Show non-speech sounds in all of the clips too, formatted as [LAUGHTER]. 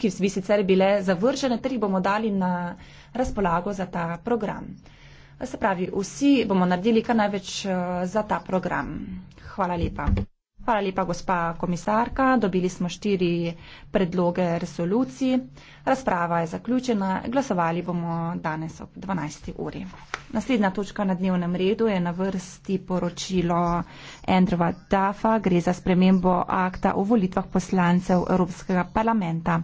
ki bi sicer bile zavržene, ter jih bomo dali na razpolago za ta program. Se pravi, vsi bomo naredili kar največ eh, za ta program. Hvala lepa. Hvala lepa, gospa komisarka. Dobili smo štiri predloge resolucij. Razprava je zaključena. Glasovali bomo danes ob 12. uri. Naslednja točka na dnevnem redu je na vrsti poročilo Andrewa Dafa. Gre za spremembo akta o volitvah poslancev Evropskega parlamenta.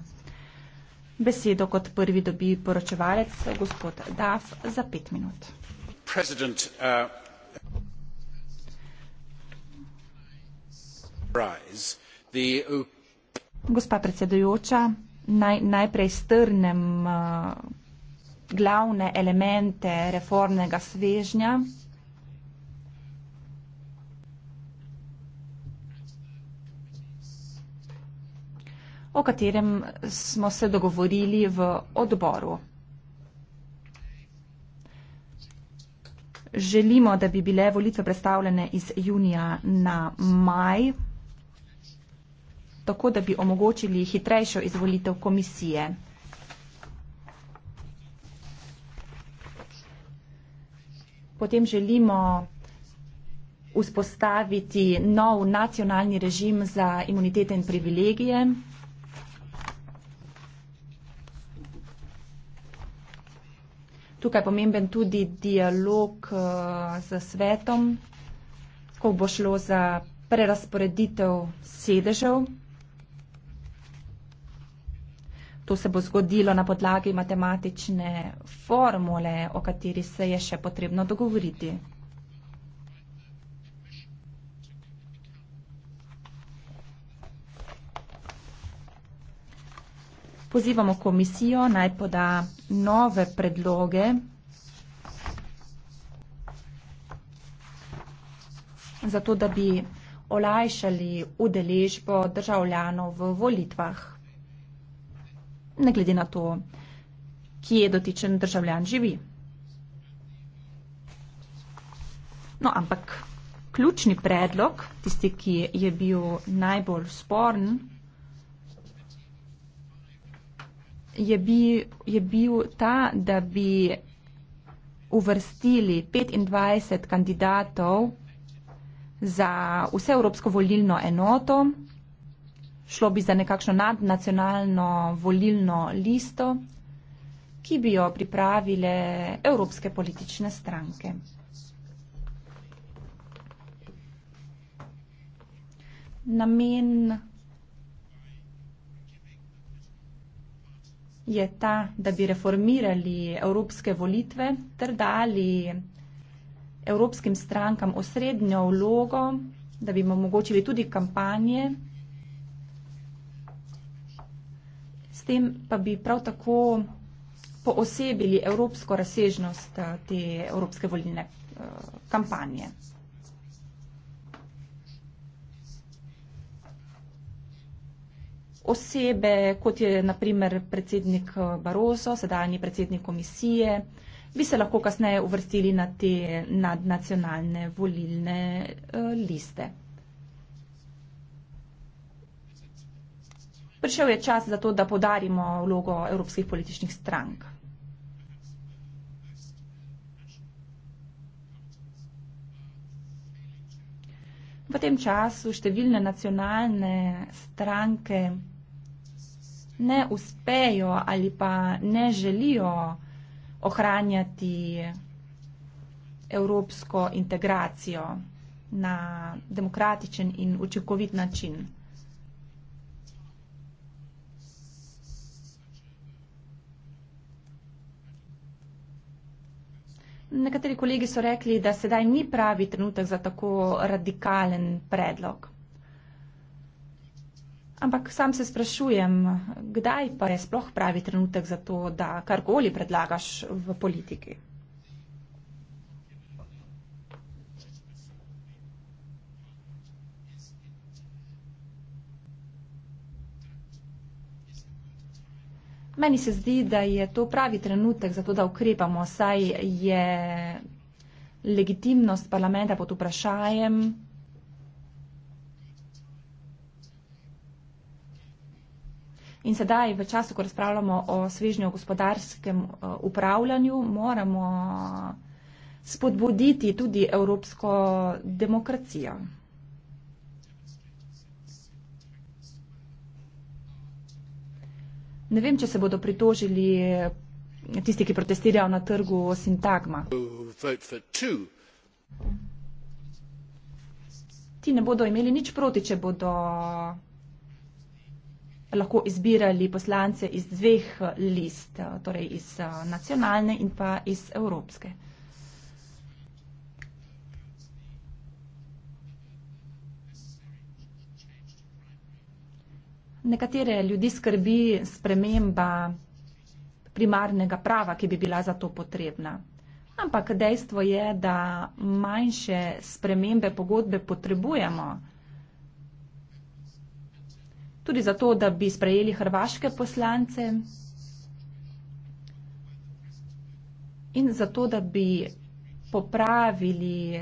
Besedo kot prvi dobi poročevalec, gospod Daf, za pet minut. Uh, uh, Gospa predsedujoča, naj, najprej strnem uh, glavne elemente reformnega svežnja. o katerem smo se dogovorili v odboru. Želimo, da bi bile volitve predstavljene iz junija na maj, tako da bi omogočili hitrejšo izvolitev komisije. Potem želimo vzpostaviti nov nacionalni režim za imunitete in privilegije. tukaj pomemben tudi dialog uh, eh, z svetom, ko bo šlo za prerasporeditev sedežev. To se bo zgodilo na podlagi matematične formule, o kateri se je še potrebno dogovoriti. pozivamo komisijo naj poda nove predloge. Zato, da bi olajšali udeležbo državljanov v volitvah, ne glede na to, kje dotičen državljan živi. No, ampak ključni predlog, tisti, ki je bil najbolj sporen, je bil, je bil ta, da bi uvrstili 25 kandidatov za vse Evropsko volilno enoto, šlo bi za nekakšno nadnacionalno volilno listo, ki bi jo pripravile Evropske politične stranke. Namen je ta, da bi reformirali evropske volitve ter dali evropskim strankam osrednjo vlogo, da bi jim omogočili tudi kampanje. S tem pa bi prav tako poosebili evropsko razsežnost eh, te evropske volilne eh, kampanje. osebe, kot je naprimer predsednik eh, Barroso, sedajni predsednik komisije, bi se lahko kasneje uvrstili na te nadnacionalne volilne eh, liste. Prišel je čas za to, da podarimo vlogo evropskih političnih strank. V tem času številne nacionalne stranke ne uspejo ali pa ne želijo ohranjati evropsko integracijo na demokratičen in učinkovit način. Nekateri kolegi so rekli, da sedaj ni pravi trenutek za tako radikalen predlog. Ampak sam se sprašujem, kdaj pa je sploh pravi trenutek za to, da karkoli predlagaš v politiki. Meni se zdi, da je to pravi trenutek za to, da ukrepamo, saj je legitimnost parlamenta pod vprašanjem. In sedaj, v času, ko razpravljamo o svežnju gospodarskem eh, upravljanju, moramo spodbuditi tudi evropsko demokracijo. Ne vem, če se bodo pritožili tisti, ki protestirajo na trgu sintagma. Ti ne bodo imeli nič proti, če bodo lahko izbirali poslance iz dveh eh, list, eh, torej iz eh, nacionalne in pa iz evropske. Nekatere ljudi skrbi sprememba primarnega prava, ki bi bila za to potrebna. Ampak dejstvo je, da manjše spremembe pogodbe potrebujemo tudi zato, da bi sprejeli hrvaške poslance in zato, da bi popravili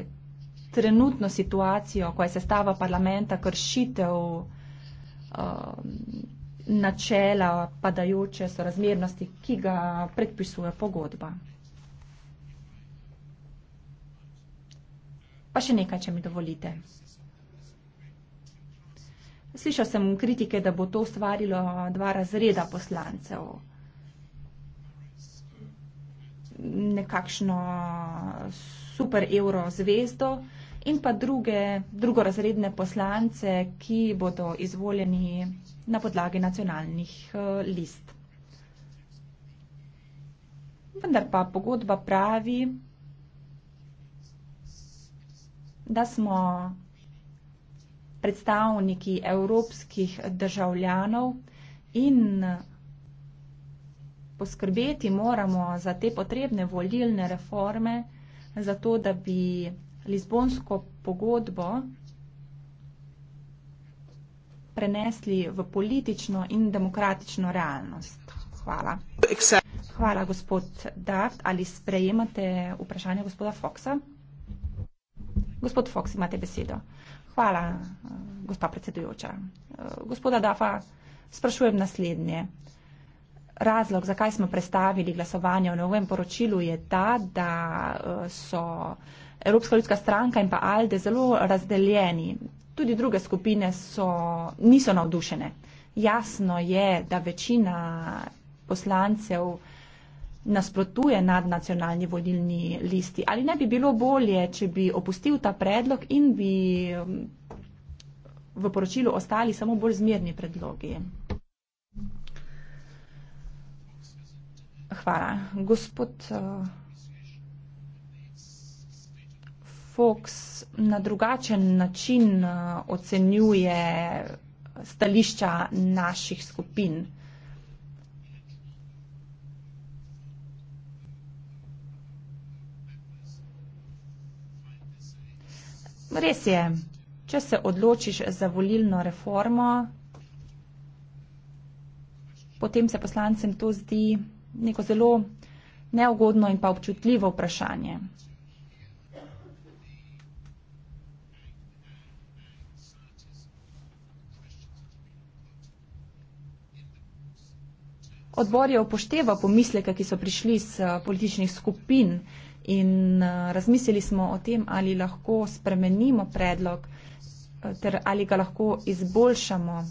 trenutno situacijo, ko je sestava parlamenta kršitev um, načela padajoče sorazmernosti, ki ga predpisuje pogodba. Pa še nekaj, če mi dovolite. Slišal sem kritike, da bo to ustvarilo dva razreda poslancev. Nekakšno super evro zvezdo in pa druge, drugorazredne poslance, ki bodo izvoljeni na podlagi nacionalnih eh, list. Vendar pa pogodba pravi, da smo predstavniki evropskih državljanov in poskrbeti moramo za te potrebne volilne reforme, zato da bi Lizbonsko pogodbo prenesli v politično in demokratično realnost. Hvala. Hvala, gospod Daft. Ali sprejemate vprašanje gospoda Foxa? Gospod Fox, imate besedo. Hvala, gospa predsedujoča. Gospoda Dafa, sprašujem naslednje. Razlog, zakaj smo predstavili glasovanje o novem poročilu, je ta, da so Evropska ljudska stranka in pa Alde zelo razdeljeni. Tudi druge skupine so, niso navdušene. Jasno je, da večina poslancev nasprotuje nadnacionalni vodilni listi. Ali ne bi bilo bolje, če bi opustil ta predlog in bi um, v poročilu ostali samo bolj zmerni predlogi? Hvala. Gospod uh, Fox na drugačen način uh, ocenjuje stališča naših skupin. Uh, Res je. Če se odločiš za volilno reformo, potem se poslancem to zdi neko zelo neugodno in pa občutljivo vprašanje. Odbor je upošteval pomisleke, ki so prišli iz političnih skupin. In eh, razmislili smo o tem, ali lahko spremenimo predlog eh, ter ali ga lahko izboljšamo.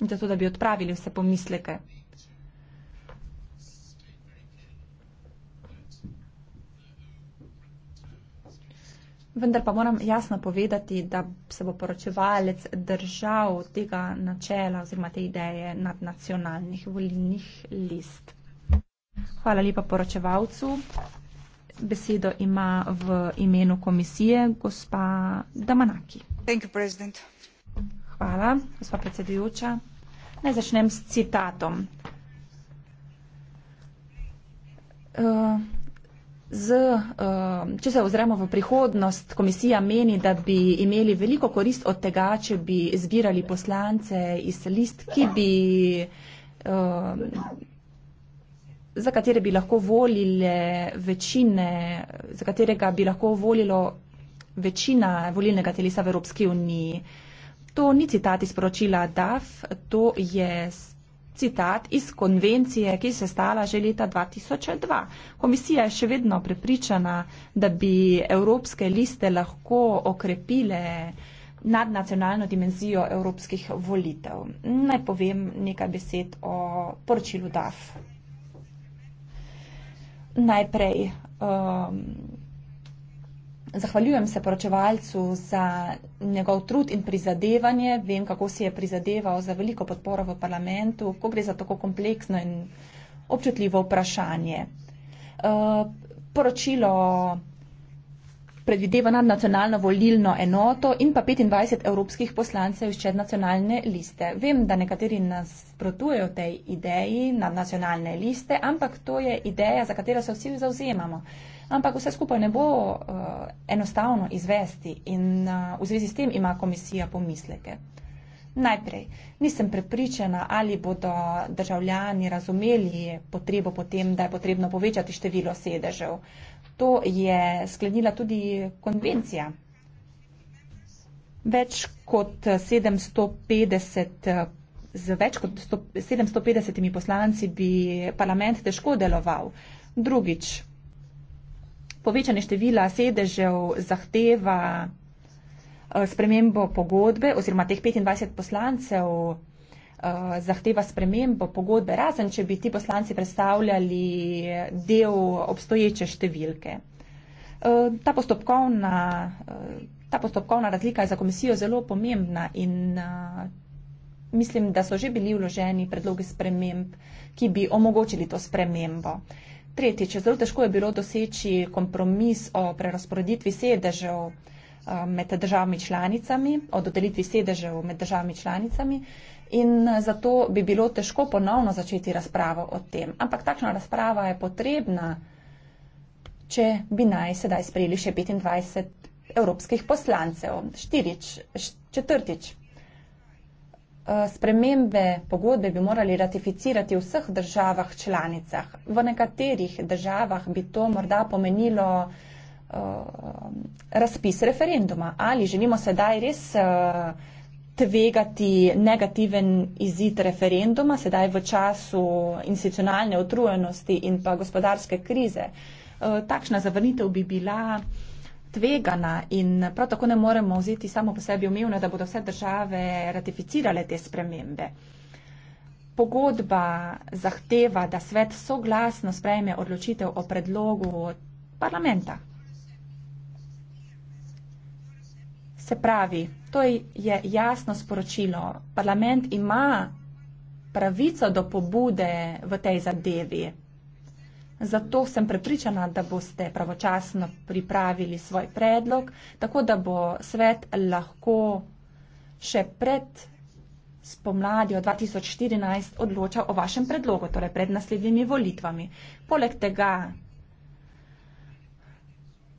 Zato, da bi odpravili vse pomisleke. Vendar pa moram jasno povedati, da se bo poročevalec držal tega načela oziroma te ideje nad nacionalnih volilnih list. Hvala lepa poročevalcu. Besedo ima v imenu komisije gospa Damanaki. Hvala, gospa predsedujoča. Naj začnem s citatom. Uh, Z, um, če se ozremo v prihodnost, komisija meni, da bi imeli veliko korist od tega, če bi zbirali poslance iz list, ki bi, um, za katere bi lahko volile večine, za katerega bi lahko volilo večina volilnega telesa v Evropski uniji. To ni citat iz poročila DAF, to je citat iz konvencije, ki se stala že leta 2002. Komisija je še vedno prepričana, da bi evropske liste lahko okrepile nadnacionalno dimenzijo evropskih volitev. Naj povem nekaj besed o poročilu DAF. Najprej. Um, Zahvaljujem se poročevalcu za njegov trud in prizadevanje. Vem, kako si je prizadeval za veliko podporo v parlamentu, ko gre za tako kompleksno in občutljivo vprašanje. Eh, poročilo predvideva nadnacionalno volilno enoto in pa 25 evropskih poslancev iz čednacionalne liste. Vem, da nekateri nasprotujejo tej ideji nadnacionalne liste, ampak to je ideja, za katero se vsi zauzemamo ampak vse skupaj ne bo uh, enostavno izvesti in uh, v zvezi s tem ima komisija pomisleke. Najprej, nisem prepričana, ali bodo državljani razumeli potrebo potem, da je potrebno povečati število sedežev. To je sklenila tudi konvencija. Več kot 750, z več kot 100, 750 poslanci bi parlament težko deloval. Drugič, povečanje števila sedežev zahteva eh, spremembo pogodbe oziroma teh 25 poslancev eh, zahteva spremembo pogodbe, razen če bi ti poslanci predstavljali del obstoječe številke. Eh, ta postopkovna, ta postopkovna razlika je za komisijo zelo pomembna in mislim, da so že bili vloženi predlogi sprememb, ki bi omogočili to spremembo. Tretjič, zelo težko je bilo doseči kompromis o prerasporeditvi sedežev med državami članicami, o dodelitvi sedežev med državami članicami in zato bi bilo težko ponovno začeti razpravo o tem. Ampak takšna razprava je potrebna, če bi naj sedaj sprejeli še 25 evropskih poslancev. Štirič, četrtič, Eh, spremembe pogodbe bi morali ratificirati v vseh državah članicah. V nekaterih državah bi to morda pomenilo eh, razpis referenduma. Ali želimo sedaj res eh, tvegati negativen izid referenduma, sedaj v času institucionalne utrujenosti in pa gospodarske krize. Takšna zavrnitev bi bila tvegana in prav tako ne moremo vzeti samo po sebi umevno, da bodo vse države ratificirale te spremembe. Pogodba zahteva, da svet soglasno sprejme odločitev o predlogu parlamenta. Se pravi, to je jasno sporočilo. Parlament ima pravico do pobude v tej zadevi. Zato sem prepričana, da boste pravočasno pripravili svoj predlog, tako da bo svet lahko še pred spomladjo 2014 odločal o vašem predlogu, torej pred naslednjimi volitvami. Poleg tega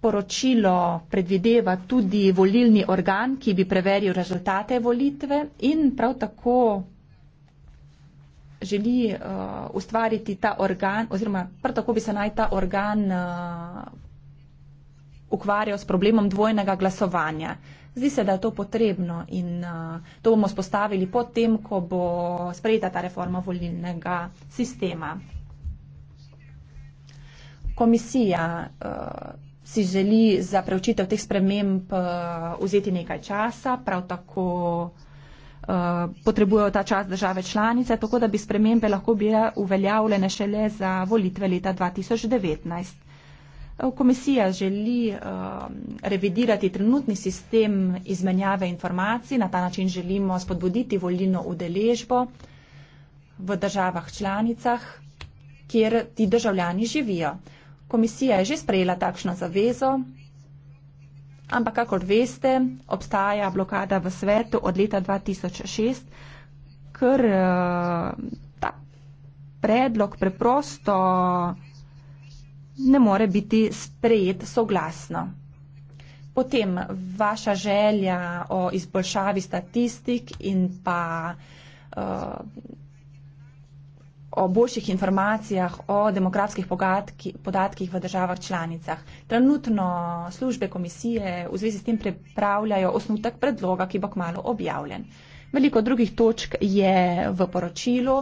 poročilo predvideva tudi volilni organ, ki bi preveril rezultate volitve in prav tako želi uh, ustvariti ta organ, oziroma prav tako bi se naj ta organ uh, ukvarjal s problemom dvojnega glasovanja. Zdi se, da je to potrebno in uh, to bomo spostavili potem, ko bo sprejeta ta reforma volilnega sistema. Komisija uh, si želi za preučitev teh sprememb uh, vzeti nekaj časa, prav tako. Eh, potrebujejo ta čas države članice, tako da bi spremembe lahko bile uveljavljene šele za volitve leta 2019. Eh, komisija želi uh, revidirati trenutni sistem izmenjave informacij, na ta način želimo spodbuditi volilno udeležbo v državah članicah, kjer ti državljani živijo. Komisija je že sprejela takšno zavezo, Ampak, kakor veste, obstaja blokada v svetu od leta 2006, ker eh, ta predlog preprosto ne more biti sprejet soglasno. Potem vaša želja o izboljšavi statistik in pa eh, o boljših informacijah o demografskih podatkih v državah članicah. Trenutno službe komisije v zvezi s tem pripravljajo osnutek predloga, ki bo kmalo objavljen. Veliko drugih točk je v poročilu.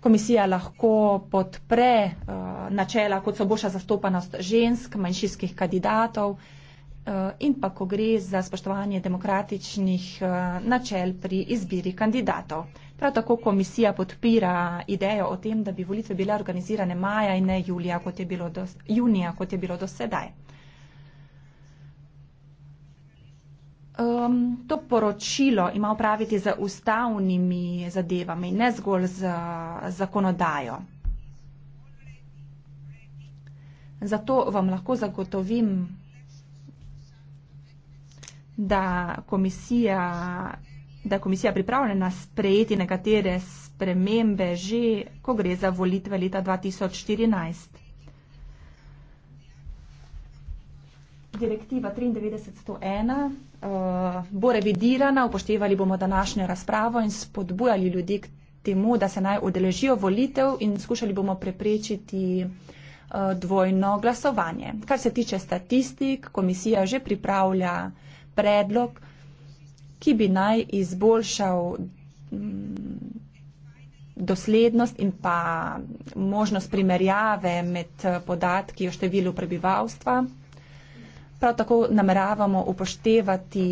Komisija lahko podpre uh, načela, kot so boljša zastopanost žensk, manjšinskih kandidatov uh, in pa, ko gre za spoštovanje demokratičnih uh, načel pri izbiri kandidatov. Prav tako komisija podpira idejo o tem, da bi volitve bile organizirane maja in ne julija, kot je bilo do, junija, kot je bilo do sedaj. Um, to poročilo ima upraviti z ustavnimi zadevami, ne zgolj z zakonodajo. Zato vam lahko zagotovim, da komisija da je komisija pripravljena sprejeti nekatere spremembe že, ko gre za volitve leta 2014. Direktiva 93.101 uh, eh, bo revidirana, upoštevali bomo današnjo razpravo in spodbujali ljudi k temu, da se naj odeležijo volitev in skušali bomo preprečiti uh, dvojno glasovanje. Kar se tiče statistik, komisija že pripravlja predlog uh, ki bi naj izboljšal mm, doslednost in pa možnost primerjave med eh, podatki o številu prebivalstva. Prav tako nameravamo upoštevati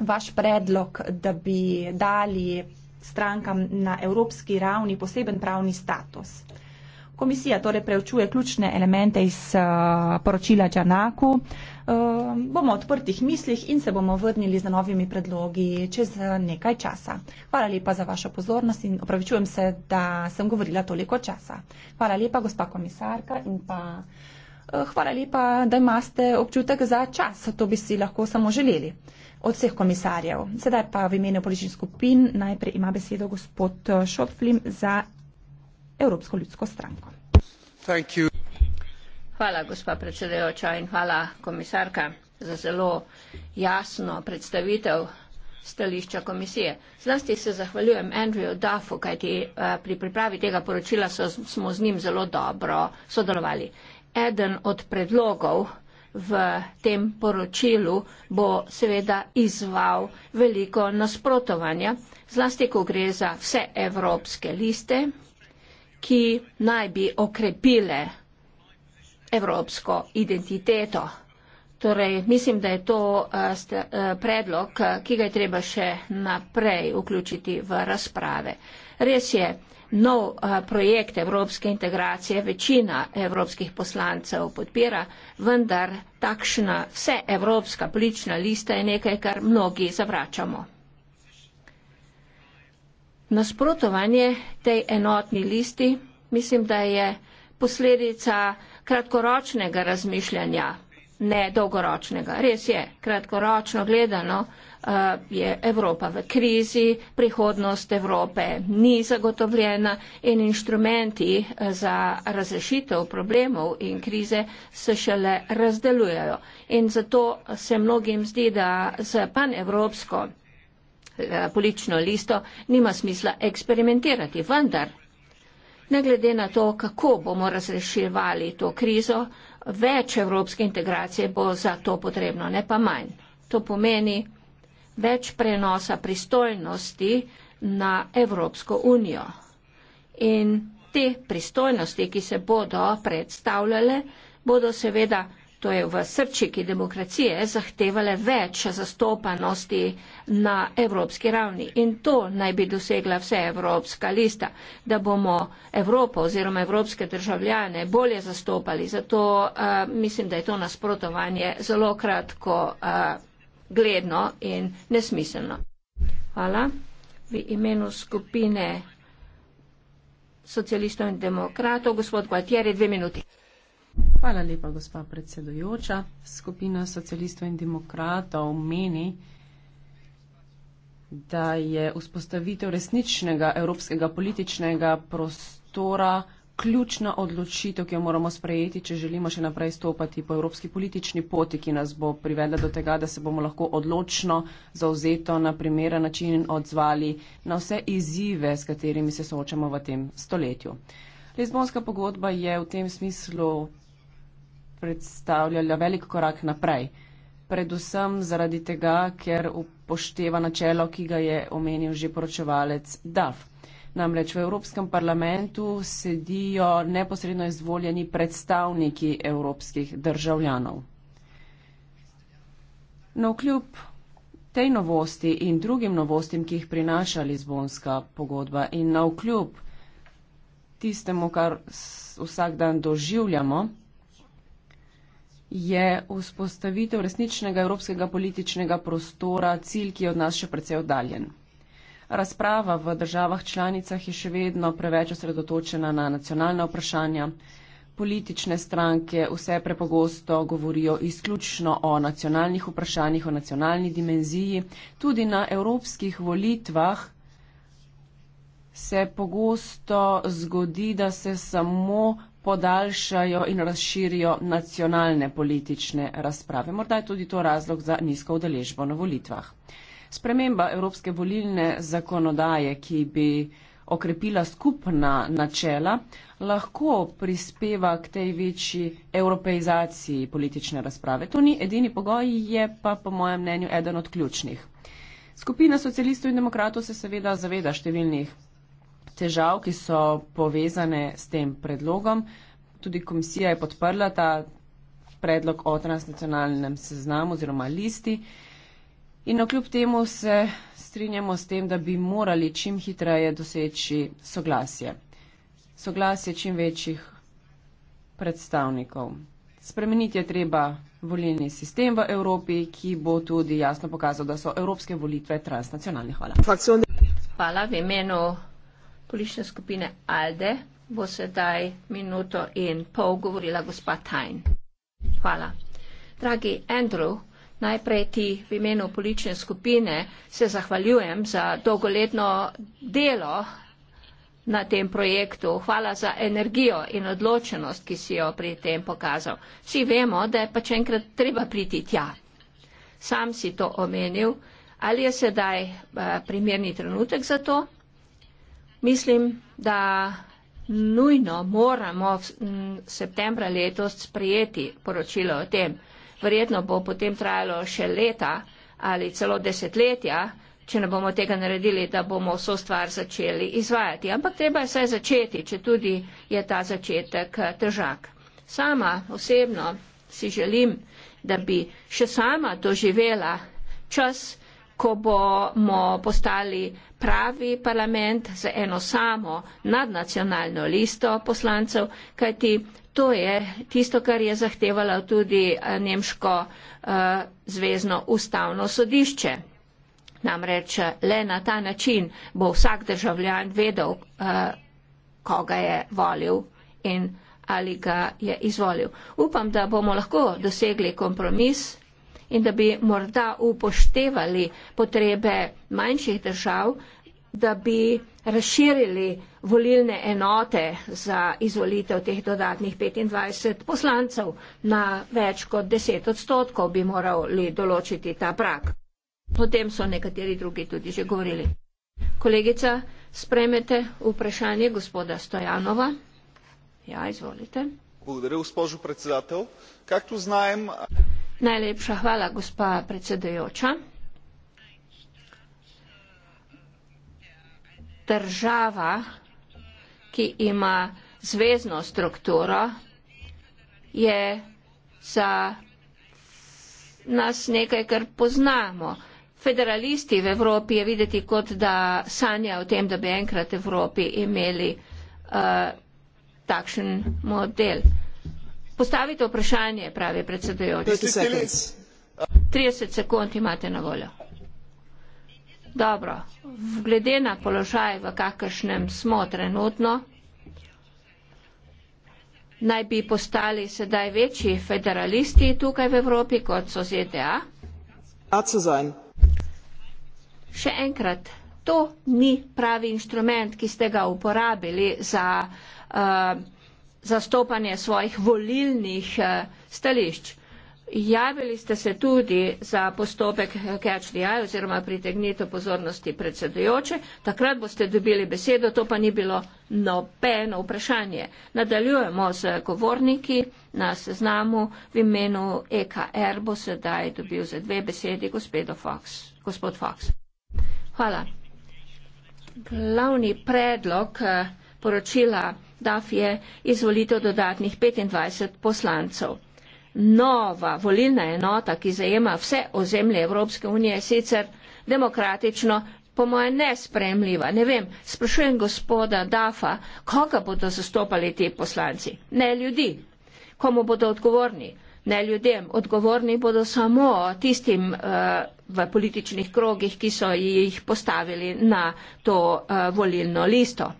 vaš predlog, da bi dali strankam na evropski ravni poseben pravni status. Komisija torej preučuje ključne elemente iz eh, poročila Džanaku. Ehm, bomo odprtih mislih in se bomo vrnili z novimi predlogi čez eh, nekaj časa. Hvala lepa za vašo pozornost in opravičujem se, da sem govorila toliko časa. Hvala lepa, gospa komisarka in pa. Eh, hvala lepa, da imate občutek za čas. To bi si lahko samo želeli od vseh komisarjev. Sedaj pa v imenu političnih skupin najprej ima besedo gospod eh, Šotflim za Evropsko ljudsko stranko. Thank you. Hvala, gospa predsedujoča in hvala, komisarka, za zelo jasno predstavitev stališča komisije. Zlasti se zahvaljujem Andrewu Duffu, kajti eh, pri pripravi tega poročila so, smo z njim zelo dobro sodelovali. Eden od predlogov v tem poročilu bo seveda izval veliko nasprotovanja, zlasti ko gre za vse evropske liste, ki naj bi okrepile evropsko identiteto. Torej, mislim, da je to eh, eh, predlog, eh, ki ga je treba še naprej vključiti v razprave. Res je, nov projekt evropske integracije večina evropskih poslancev podpira, vendar takšna vseevropska politična lista je nekaj, kar mnogi zavračamo. Nasprotovanje tej enotni listi mislim, da je posledica kratkoročnega razmišljanja, ne dolgoročnega. Res je, kratkoročno gledano eh, je Evropa v krizi, prihodnost Evrope ni zagotovljena in inštrumenti eh, za razrešitev problemov in krize se šele razdelujejo. In zato se mnogim zdi, da z panevropsko eh, politično listo nima smisla eksperimentirati. Vendar Ne glede na to, kako bomo razreševali to krizo, več evropske integracije bo za to potrebno, ne pa manj. To pomeni več prenosa pristojnosti na Evropsko unijo. In te pristojnosti, ki se bodo predstavljale, bodo seveda to je v srčiki demokracije, zahtevale več zastopanosti na evropski ravni. In to naj bi dosegla vse evropska lista, da bomo Evropo oziroma evropske državljane bolje zastopali. Zato uh, mislim, da je to nasprotovanje zelo kratko uh, gledno in nesmiselno. Hvala. V imenu skupine socialistov in demokratov, gospod Gualtieri, dve minuti. Hvala lepa, gospa predsedujoča. Skupina socialistov in demokratov meni, da je vzpostavitev resničnega evropskega političnega prostora ključna odločitev, ki jo moramo sprejeti, če želimo še naprej stopati po evropski politični poti, ki nas bo privedla do tega, da se bomo lahko odločno, zauzeto, na primeren način odzvali na vse izzive, s katerimi se soočamo v tem stoletju. Lizbonska pogodba je v tem smislu predstavljala velik korak naprej. Predvsem zaradi tega, ker upošteva načelo, ki ga je omenil že poročevalec DAF. Namreč v Evropskem parlamentu sedijo neposredno izvoljeni predstavniki evropskih državljanov. No, kljub tej novosti in drugim novostim, ki jih prinaša Lizbonska pogodba in na kljub tistemu, kar vsak dan doživljamo, je vzpostavitev resničnega evropskega političnega prostora cilj, ki je od nas še precej oddaljen. Razprava v državah članicah je še vedno preveč osredotočena na nacionalna vprašanja. Politične stranke vse prepogosto govorijo izključno o nacionalnih vprašanjih, o nacionalni dimenziji. Tudi na evropskih volitvah se pogosto zgodi, da se samo podaljšajo in razširijo nacionalne politične razprave. Morda je tudi to razlog za nizko udeležbo na volitvah. Sprememba evropske volilne zakonodaje, ki bi okrepila skupna načela, lahko prispeva k tej večji evropeizaciji politične razprave. To ni edini pogoj, je pa po mojem mnenju eden od ključnih. Skupina socialistov in demokratov se seveda zaveda številnih težav, ki so povezane s tem predlogom. Tudi komisija je podprla ta predlog o transnacionalnem seznamu oziroma listi. In okljub temu se strinjamo s tem, da bi morali čim hitreje doseči soglasje. Soglasje čim večjih predstavnikov. Spremeniti je treba volilni sistem v Evropi, ki bo tudi jasno pokazal, da so evropske volitve transnacionalne. Hvala. Hvala v imenu politične skupine Alde bo sedaj minuto in pol govorila gospa Tajn. Hvala. Dragi Andrew, najprej ti v imenu politične skupine se zahvaljujem za dolgoletno delo na tem projektu. Hvala za energijo in odločenost, ki si jo pri tem pokazal. Vsi vemo, da je pač enkrat treba priti tja. Sam si to omenil. Ali je sedaj eh, primerni trenutek za to? Mislim, da nujno moramo v septembra letos sprejeti poročilo o tem. Verjetno bo potem trajalo še leta ali celo desetletja, če ne bomo tega naredili, da bomo vso stvar začeli izvajati. Ampak treba je vsaj začeti, če tudi je ta začetek eh, težak. Sama osebno si želim, da bi še sama doživela čas, ko bomo postali pravi parlament z eno samo nadnacionalno listo poslancev, kajti to je tisto, kar je zahtevalo tudi eh, Nemško uh, eh, zvezno ustavno sodišče. Namreč eh, le na ta način bo vsak državljan vedel, uh, koga je volil in ali ga je izvolil. Upam, da bomo lahko dosegli kompromis in da bi morda upoštevali potrebe manjših držav, da bi razširili volilne enote za izvolitev teh dodatnih 25 poslancev na več kot 10 odstotkov bi morali določiti ta prak. O tem so nekateri drugi tudi že govorili. Kolegica, spremete vprašanje gospoda Stojanova. Ja, izvolite. Благодаря, госпожо председател. Както знаем, Najlepša hvala, gospa predsedujoča. Država, ki ima zvezdno strukturo, je za nas nekaj, kar poznamo. Federalisti v Evropi je videti kot, da sanja o tem, da bi enkrat v Evropi imeli uh, takšen model postavite vprašanje pravi predsedujoči trideset sekund imate na voljo dobro glede na položaj v kakršnem smo trenutno naj bi postali sedaj večji federalisti tukaj v Evropi kot so ZDA še enkrat to ni pravi inštrument ki ste ga uporabili za uh, zastopanje svojih volilnih eh, stališč. Javili ste se tudi za postopek catch the eye oziroma pritegnitev pozornosti predsedujoče. Takrat boste dobili besedo, to pa ni bilo nobeno vprašanje. Nadaljujemo z govorniki na seznamu v imenu EKR bo sedaj dobil za dve besedi Fox, gospod Fox. Hvala. Glavni predlog eh, poročila DAF je izvolitev dodatnih 25 poslancev. Nova volilna enota, ki zajema vse ozemlje Evropske unije, je sicer demokratično, po moje, nespremljiva. Ne vem, sprašujem gospoda DAFA, koga bodo zastopali ti poslanci? Ne ljudi. Komu bodo odgovorni? Ne ljudem. Odgovorni bodo samo tistim uh, v političnih krogih, ki so jih postavili na to uh, volilno listo.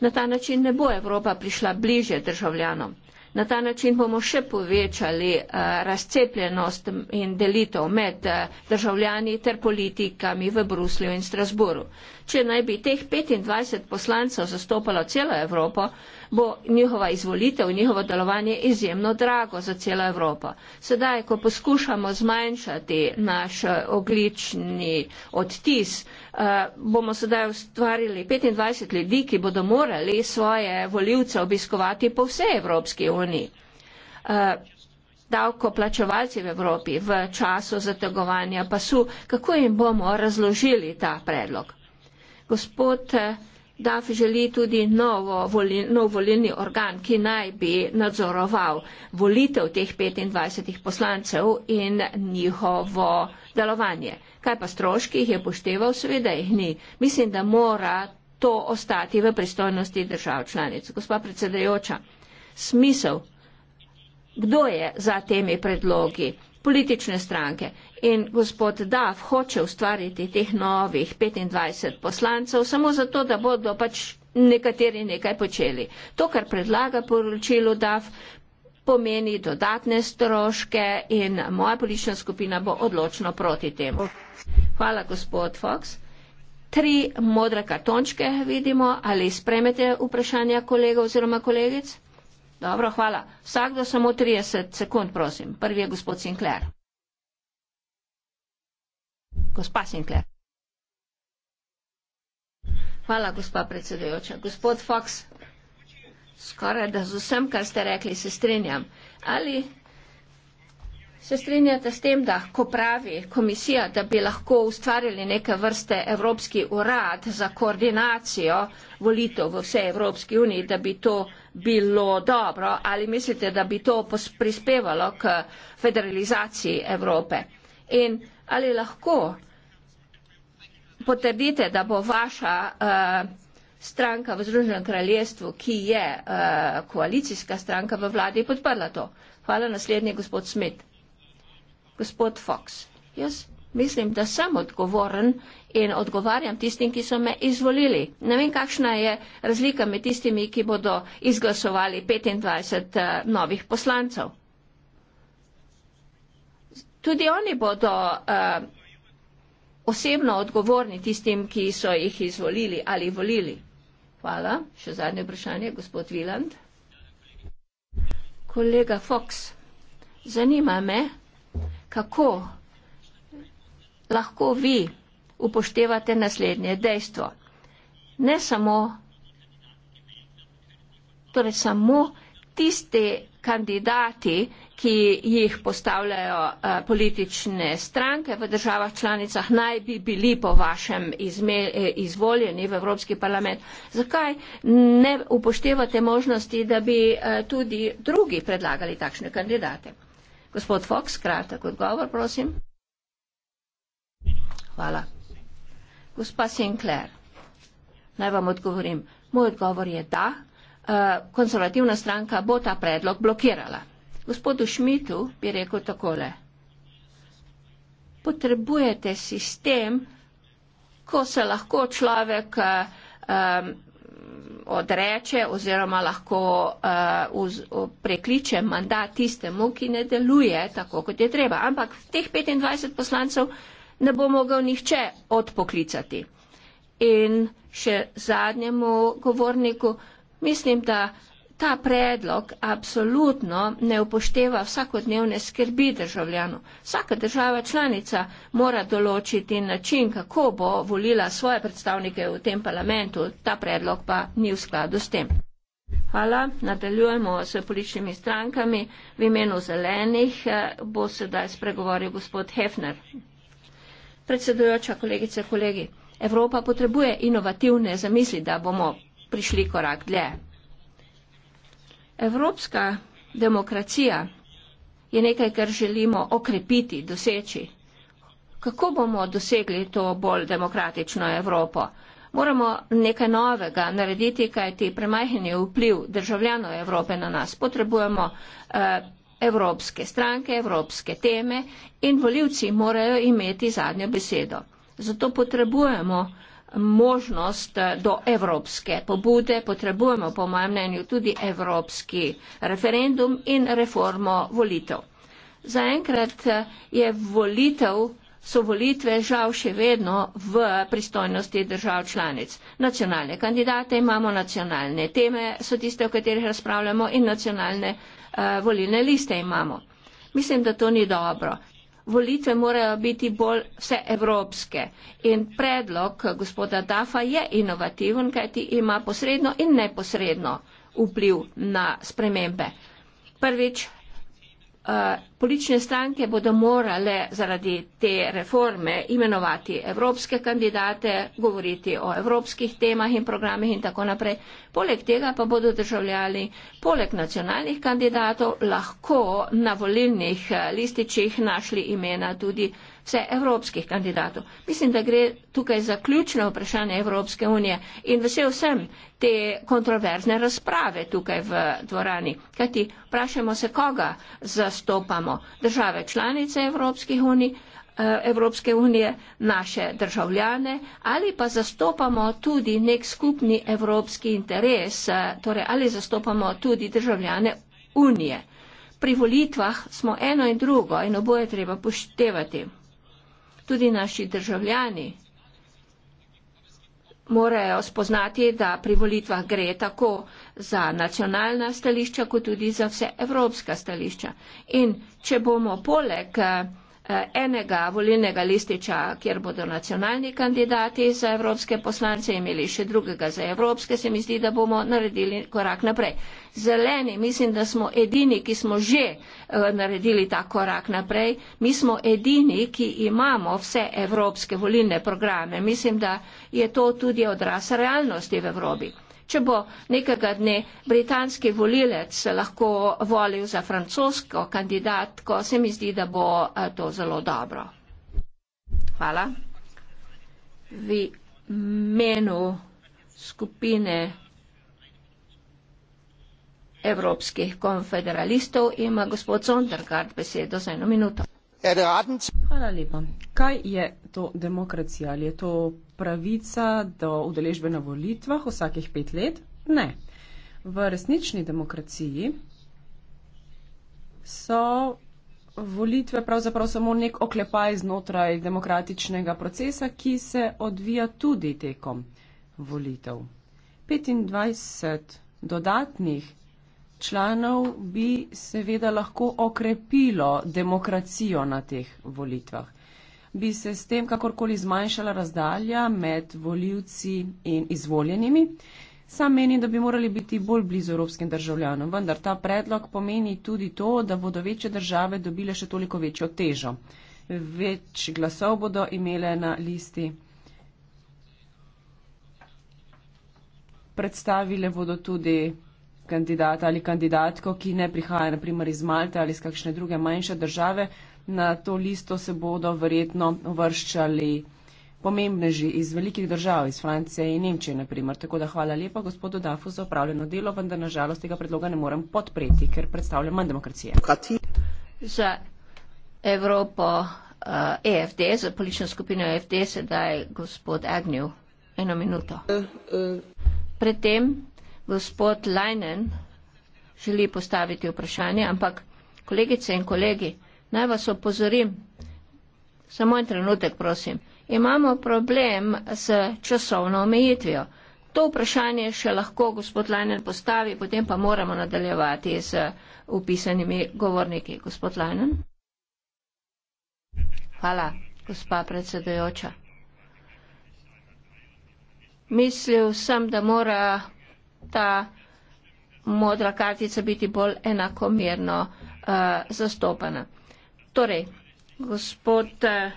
Na ta način ne bo Evropa prišla bliže državljanom. Na ta način bomo še povečali eh, razcepljenost in delitev med eh, državljani ter politikami v Bruslju in Strasburu. Če naj bi teh 25 poslancev zastopalo celo Evropo, bo njihova izvolitev in njihovo delovanje izjemno drago za celo Evropo. Sedaj, ko poskušamo zmanjšati naš eh, oglični odtis, Eh, bomo sedaj ustvarili 25 ljudi, ki bodo morali svoje voljivce obiskovati po vsej Evropski uniji. Uh, davkoplačevalci v Evropi v času zategovanja pasu, kako jim bomo razložili ta predlog. Gospod eh, Daf želi tudi voli, nov volilni organ, ki naj bi nadzoroval volitev teh 25 poslancev in njihovo delovanje kaj pa stroški jih je pošteval, seveda jih ni. Mislim, da mora to ostati v pristojnosti držav članic. Gospa predsedajoča, smisel, kdo je za temi predlogi? Politične stranke in gospod Dav hoče ustvariti teh novih 25 poslancev samo zato, da bodo pač nekateri nekaj počeli. To, kar predlaga poročilo DAF, pomeni dodatne stroške in moja politična skupina bo odločno proti temu. Hvala, gospod Fox. Tri modre kartončke vidimo. Ali spremete vprašanja kolega oziroma kolegic? Dobro, hvala. Vsakdo samo 30 sekund, prosim. Prvi je gospod Sinclair. Gospa Sinclair. Hvala, gospa predsedujoča. Gospod Fox, skoraj da z vsem, kar ste rekli, se strinjam. Ali se strinjate s tem, da ko pravi komisija, da bi lahko ustvarili neke vrste Evropski urad za koordinacijo volitev v vsej Evropski uniji, da bi to bilo dobro, ali mislite, da bi to prispevalo k federalizaciji Evrope? In ali lahko potrdite, da bo vaša uh, stranka v Združenem kraljestvu, ki je uh, koalicijska stranka v vladi, podprla to. Hvala naslednji, gospod Smit. Gospod Fox, jaz mislim, da sem odgovoren in odgovarjam tistim, ki so me izvolili. Ne vem, kakšna je razlika med tistimi, ki bodo izglasovali 25 uh, eh, novih poslancev. Tudi oni bodo. Uh, osebno odgovorni tistim, ki so jih izvolili ali volili. Hvala. Še zadnje vprašanje, gospod Viland. Kolega Fox, zanima me, kako lahko vi upoštevate naslednje dejstvo. Ne samo, torej samo tiste kandidati, ki jih postavljajo eh, politične stranke v državah članicah, naj bi bili po vašem izme, eh, izvoljeni v Evropski parlament. Zakaj ne upoštevate možnosti, da bi eh, tudi drugi predlagali takšne kandidate? Gospod Fox, kratek odgovor, prosim. Hvala. Gospa Sinclair, naj vam odgovorim. Moj odgovor je da. Eh, konservativna stranka bo ta predlog blokirala. Gospodu Šmitu bi rekel takole. Potrebujete sistem, ko se lahko človek um, odreče oziroma lahko uh, uz, prekliče mandat tistemu, ki ne deluje tako, kot je treba. Ampak teh 25 poslancev ne bo mogel nihče odpoklicati. In še zadnjemu govorniku. Mislim, da ta predlog apsolutno ne upošteva vsakodnevne skrbi državljanov. Vsaka država članica mora določiti način, kako bo volila svoje predstavnike v tem parlamentu, ta predlog pa ni v skladu s tem. Hvala. Nadaljujemo s političnimi strankami. V imenu zelenih eh, bo sedaj spregovoril gospod Hefner. Predsedujoča, kolegice, kolegi. Evropa potrebuje inovativne zamisli, da bomo prišli korak dlje. Evropska demokracija je nekaj, kar želimo okrepiti, doseči. Kako bomo dosegli to bolj demokratično Evropo? Moramo nekaj novega narediti, kajti premajhen je vpliv državljanov Evrope na nas. Potrebujemo eh, evropske stranke, evropske teme in voljivci morajo imeti zadnjo besedo. Zato potrebujemo možnost eh, do evropske pobude, potrebujemo po mojem mnenju tudi evropski referendum in reformo volitev. Zaenkrat eh, je volitev, so volitve žal še vedno v pristojnosti držav članic. Nacionalne kandidate imamo, nacionalne teme so tiste, o katerih razpravljamo in nacionalne uh, volilne liste imamo. Mislim, da to ni dobro volitve morajo biti bolj vseevropske. In predlog gospoda Dafa je inovativen, kajti ima posredno in neposredno vpliv na spremembe. Prvič, Eh, politične stranke bodo morale zaradi te reforme imenovati evropske kandidate, govoriti o evropskih temah in programih in tako naprej. Poleg tega pa bodo državljani, poleg nacionalnih kandidatov, lahko na volilnih eh, lističih našli imena tudi vse evropskih kandidatov. Mislim, da gre tukaj za ključno vprašanje Evropske unije in vesel sem te kontroverzne razprave tukaj v dvorani, kajti vprašamo se, koga zastopamo države članice Evropskih unij. Eh, Evropske unije, naše državljane ali pa zastopamo tudi nek skupni evropski interes, eh, torej ali zastopamo tudi državljane unije. Pri volitvah smo eno in drugo in oboje treba poštevati tudi naši državljani morajo spoznati, da pri volitvah gre tako za nacionalna stališča, kot tudi za vse evropska stališča. In če bomo poleg eh, Eh, enega volilnega lističa, kjer bodo nacionalni kandidati za evropske poslance imeli še drugega za evropske, se mi zdi, da bomo naredili korak naprej. Zeleni, mislim, da smo edini, ki smo že eh, naredili ta korak naprej. Mi smo edini, ki imamo vse evropske volilne programe. Mislim, da je to tudi odraz realnosti v Evropi. Če bo nekega dne britanski volilec lahko volil za francosko kandidatko, se mi zdi, da bo eh, to zelo dobro. Hvala. V imenu skupine evropskih konfederalistov ima gospod Zondergard besedo za eno minuto. Er er Hvala lepa. Kaj je to demokracija? Ali je to pravica do udeležbe na volitvah vsakih pet let? Ne. V resnični demokraciji so volitve pravzaprav samo nek oklepaj znotraj demokratičnega procesa, ki se odvija tudi tekom volitev. 25 dodatnih članov bi seveda lahko okrepilo demokracijo na teh volitvah. Bi se s tem kakorkoli zmanjšala razdalja med voljivci in izvoljenimi? Sam menim, da bi morali biti bolj blizu evropskim državljanom, vendar ta predlog pomeni tudi to, da bodo večje države dobile še toliko večjo težo. Več glasov bodo imele na listi. Predstavile bodo tudi kandidata ali kandidatko, ki ne prihaja naprimer iz Malte ali iz kakšne druge manjše države, na to listo se bodo verjetno vrščali pomembneži iz velikih držav, iz Francije in Nemčije naprimer. Tako da hvala lepa gospodu Dafu za upravljeno delo, vendar na žalost tega predloga ne morem podpreti, ker predstavlja manj demokracije. Kati? Za Evropo uh, eh, EFD, za politično skupino EFD, sedaj gospod Agnew. Eno minuto. Eh, eh. Predtem gospod Leinen želi postaviti vprašanje, ampak kolegice in kolegi, naj vas opozorim, samo en trenutek prosim, imamo problem s časovno omejitvijo. To vprašanje še lahko gospod Leinen postavi, potem pa moramo nadaljevati z upisanimi govorniki. Gospod Leinen. Hvala, gospa predsedujoča. Mislil sem, da mora ta modra kartica biti bolj enakomerno uh, zastopana. Torej, gospod eh,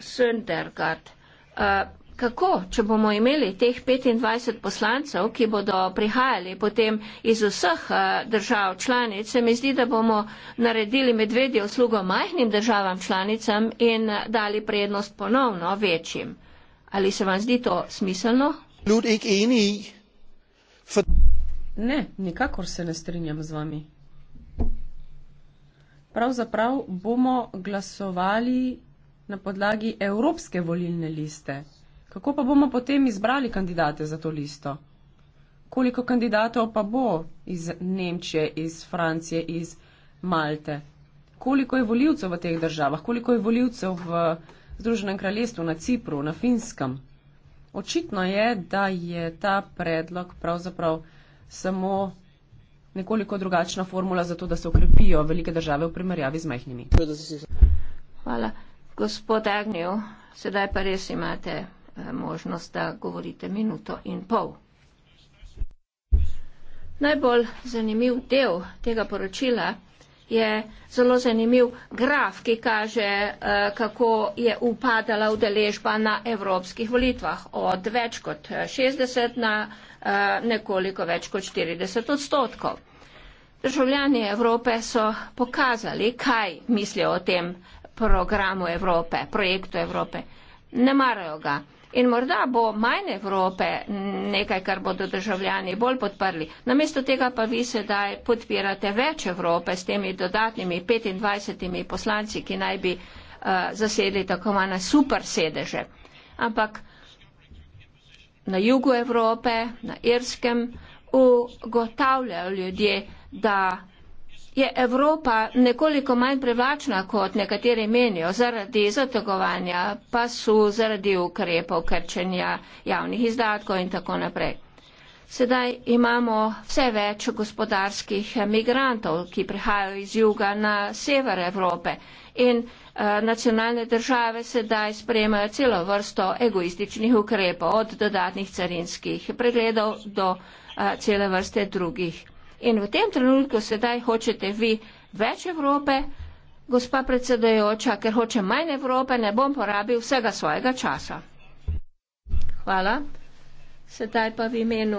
Söndergaard, uh, kako, če bomo imeli teh 25 poslancev, ki bodo prihajali potem iz vseh uh, držav članic, se mi zdi, da bomo naredili medvedje uslugo majhnim državam članicam in dali prednost ponovno večjim. Ali se vam zdi to smiselno? Absolutno ne. Ne, nikakor se ne strinjam z vami. Pravzaprav bomo glasovali na podlagi Evropske volilne liste. Kako pa bomo potem izbrali kandidate za to listo? Koliko kandidatov pa bo iz Nemčije, iz Francije, iz Malte? Koliko je voljivcev v teh državah? Koliko je voljivcev v Združenem kraljestvu, na Cipru, na Finskem? očitno je, da je ta predlog pravzaprav samo nekoliko drugačna formula za to, da se okrepijo velike države v primerjavi z majhnimi. Hvala. Gospod Agnew, sedaj pa res imate eh, možnost, da govorite minuto in pol. Najbolj zanimiv del tega poročila je zelo zanimiv graf, ki kaže, eh, kako je upadala udeležba na evropskih volitvah od več kot 60 eh, na eh, nekoliko več kot 40 odstotkov. Državljani Evrope so pokazali, kaj mislijo o tem programu Evrope, projektu Evrope. Ne marajo ga. In morda bo manj Evrope nekaj, kar bodo državljani bolj podprli. Namesto tega pa vi sedaj podpirate več Evrope s temi dodatnimi 25 poslanci, ki naj bi uh, zasedli tako imane super sedeže. Ampak na jugu Evrope, na Irskem, ugotavljajo ljudje, da je Evropa nekoliko manj privlačna, kot nekateri menijo, zaradi zategovanja pasu, zaradi ukrepov krčenja javnih izdatkov in tako naprej. Sedaj imamo vse več gospodarskih migrantov, ki prihajajo iz juga na sever Evrope in eh, nacionalne države sedaj sprejemajo celo vrsto egoističnih ukrepov, od dodatnih carinskih pregledov do eh, cele vrste drugih. In v tem trenutku sedaj hočete vi več Evrope, gospa predsedajoča, ker hoče manj Evrope, ne bom porabil vsega svojega časa. Hvala. Sedaj pa v imenu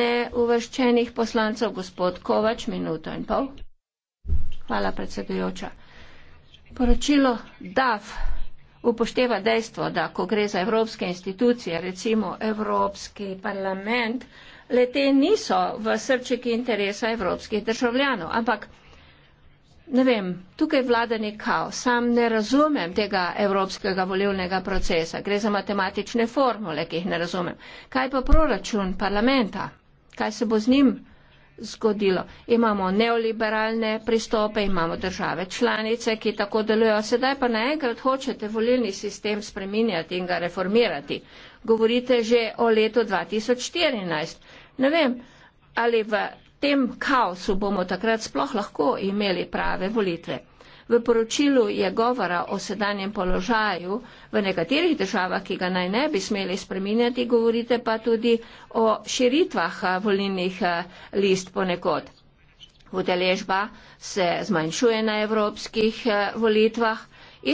neuvrščenih poslancev, gospod Kovač, minuto in pol. Hvala, predsedujoča. Poročilo DAF upošteva dejstvo, da ko gre za evropske institucije, recimo Evropski parlament, lete niso v srčiki interesa evropskih državljanov. Ampak, ne vem, tukaj vlada nek kaos. Sam ne razumem tega evropskega volilnega procesa. Gre za matematične formule, ki jih ne razumem. Kaj pa proračun parlamenta? Kaj se bo z njim zgodilo? Imamo neoliberalne pristope, imamo države članice, ki tako delujejo. Sedaj pa naenkrat hočete volilni sistem spreminjati in ga reformirati govorite že o letu 2014. Ne vem, ali v tem kaosu bomo takrat sploh lahko imeli prave volitve. V poročilu je govora o sedanjem položaju v nekaterih državah, ki ga naj ne bi smeli spreminjati, govorite pa tudi o širitvah eh, volilnih eh, list ponekod. Udeležba se zmanjšuje na evropskih eh, volitvah,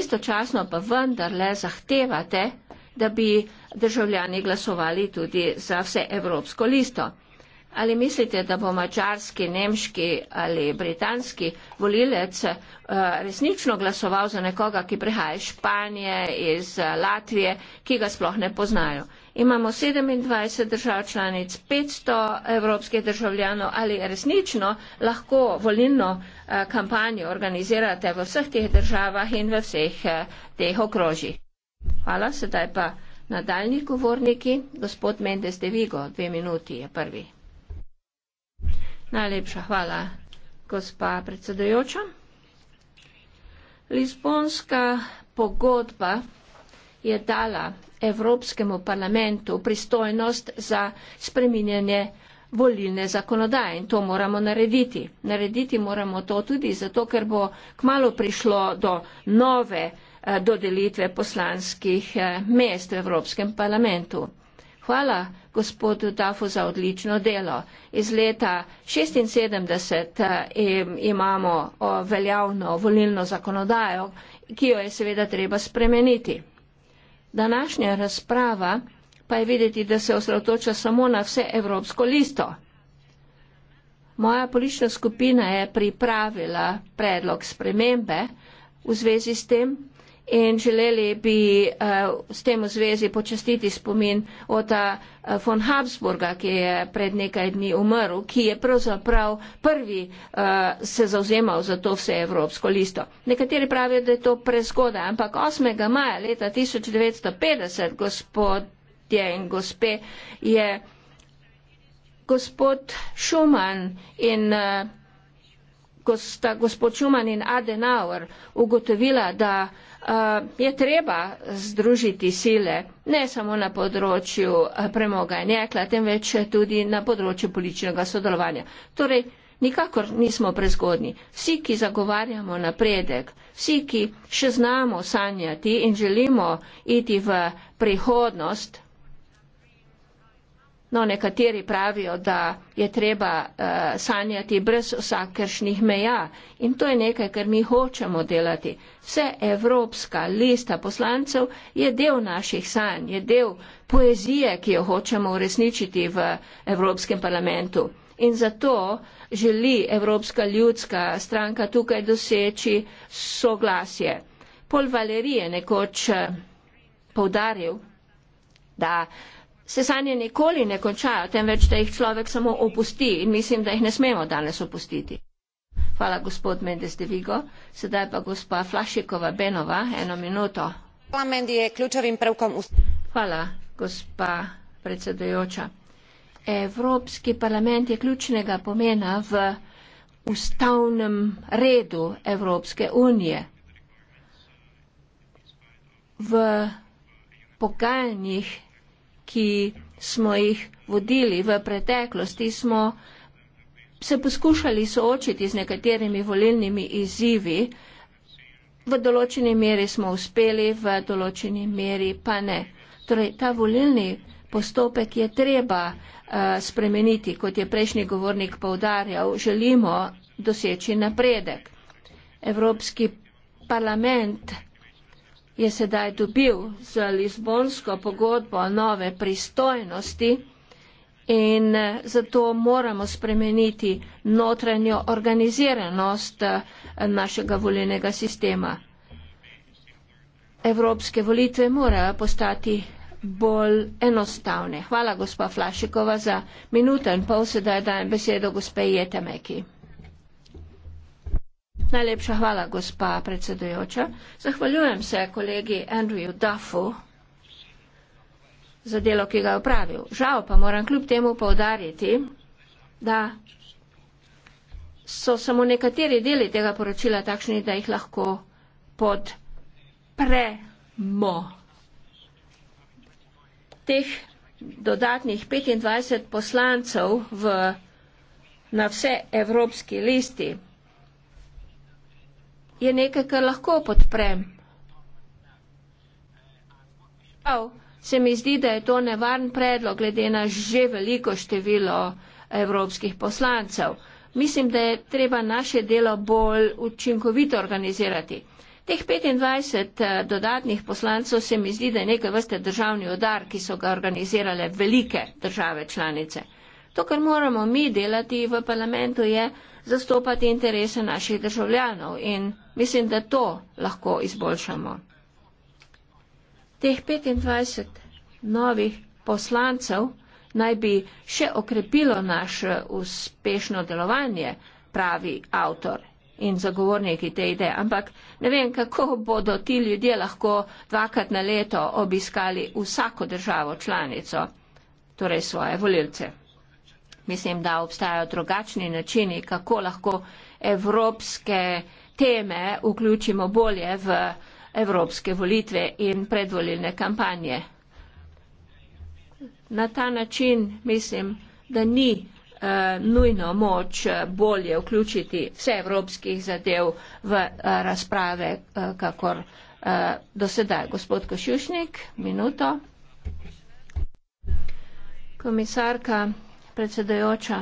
istočasno pa vendarle zahtevate, da bi državljani glasovali tudi za vse Evropsko listo. Ali mislite, da bo mačarski, nemški ali britanski volilec eh, resnično glasoval za nekoga, ki prihaja iz Španije, iz eh, Latvije, ki ga sploh ne poznajo? Imamo 27 držav članic, 500 evropskih državljanov, ali resnično lahko volilno eh, kampanjo organizirate v vseh teh državah in v vseh teh okrožjih? Hvala, sedaj pa nadaljni govorniki. Gospod Mendes de Vigo, dve minuti je prvi. Najlepša hvala, gospa predsedujoča. Lisbonska pogodba je dala Evropskemu parlamentu pristojnost za spreminjanje volilne zakonodaje in to moramo narediti. Narediti moramo to tudi zato, ker bo kmalo prišlo do nove Eh, dodelitve poslanskih eh, mest v Evropskem parlamentu. Hvala gospodu Dafu za odlično delo. Iz leta 1976 eh, imamo veljavno volilno zakonodajo, ki jo je seveda treba spremeniti. Današnja razprava pa je videti, da se osredotoča samo na vse evropsko listo. Moja politična skupina je pripravila predlog spremembe v zvezi s tem, in želeli bi uh, s tem v zvezi počastiti spomin ota eh, von Habsburga, ki je pred nekaj dni umrl, ki je pravzaprav prvi uh, se zauzemal za to vseevropsko listo. Nekateri pravijo, da je to prezgodaj, ampak 8. maja leta 1950, gospodje in gospe, je gospod Šuman in. Uh, Ko sta gospod Šuman in Adenauer ugotovila, da Eh, je treba združiti sile, ne samo na področju eh, premoga in jekla, temveč tudi na področju političnega sodelovanja. Torej, nikakor nismo prezgodni. Vsi, ki zagovarjamo napredek, vsi, ki še znamo sanjati in želimo iti v prihodnost, No, nekateri pravijo, da je treba uh, sanjati brez vsakršnih meja in to je nekaj, kar mi hočemo delati. Vse evropska lista poslancev je del naših sanj, je del poezije, ki jo hočemo uresničiti v Evropskem parlamentu. In zato želi Evropska ljudska stranka tukaj doseči soglasje. Pol Valerije nekoč uh, eh, povdaril, da se sanje nikoli ne končajo, temveč da jih človek samo opusti in mislim, da jih ne smemo danes opustiti. Hvala, gospod Mendes de Vigo. Sedaj pa gospa Flašikova Benova, eno minuto. Hvala, Mendi je ključovim prvkom. Hvala, gospa predsedujoča. Evropski parlament je ključnega pomena v ustavnem redu Evropske unije. V pogajanjih ki smo jih vodili v preteklosti, smo se poskušali soočiti z nekaterimi volilnimi izzivi. V določeni meri smo uspeli, v določeni meri pa ne. Torej, ta volilni postopek je treba uh, spremeniti, kot je prejšnji govornik povdarjal, želimo doseči napredek. Evropski parlament je sedaj dobil z Lizbonsko pogodbo nove pristojnosti in eh, zato moramo spremeniti notranjo organiziranost eh, našega volilnega sistema. Evropske volitve morajo postati bolj enostavne. Hvala gospa Flašikova za minuto in pol sedaj dajem besedo gospe Jetemeki. Najlepša hvala, gospa predsedujoča. Zahvaljujem se kolegi Andrewu Duffu za delo, ki ga je upravil. Žal pa moram kljub temu povdariti, da so samo nekateri deli tega poročila takšni, da jih lahko podpremo. Teh dodatnih 25 poslancev v, na vse evropski listi je nekaj, kar lahko podprem. Prav se mi zdi, da je to nevarn predlog, glede na že veliko število evropskih poslancev. Mislim, da je treba naše delo bolj učinkovito organizirati. Teh 25 eh, dodatnih poslancev se mi zdi, da je nekaj vrste državni odar, ki so ga organizirale velike države članice. To, kar moramo mi delati v parlamentu, je zastopati interese naših državljanov in mislim, da to lahko izboljšamo. Teh 25 novih poslancev naj bi še okrepilo naše eh, uspešno delovanje, pravi avtor in zagovorniki te ideje. Ampak ne vem, kako bodo ti ljudje lahko dvakrat na leto obiskali vsako državo članico, torej svoje volilce. Mislim, da obstajajo drugačni načini, kako lahko evropske teme vključimo bolje v evropske volitve in predvolilne kampanje. Na ta način mislim, da ni uh, nujno moč eh, bolje vključiti vse evropskih zadev v uh, razprave, uh, kakor uh, do sedaj. Gospod Košušnik, minuto. Komisarka predsedojoča.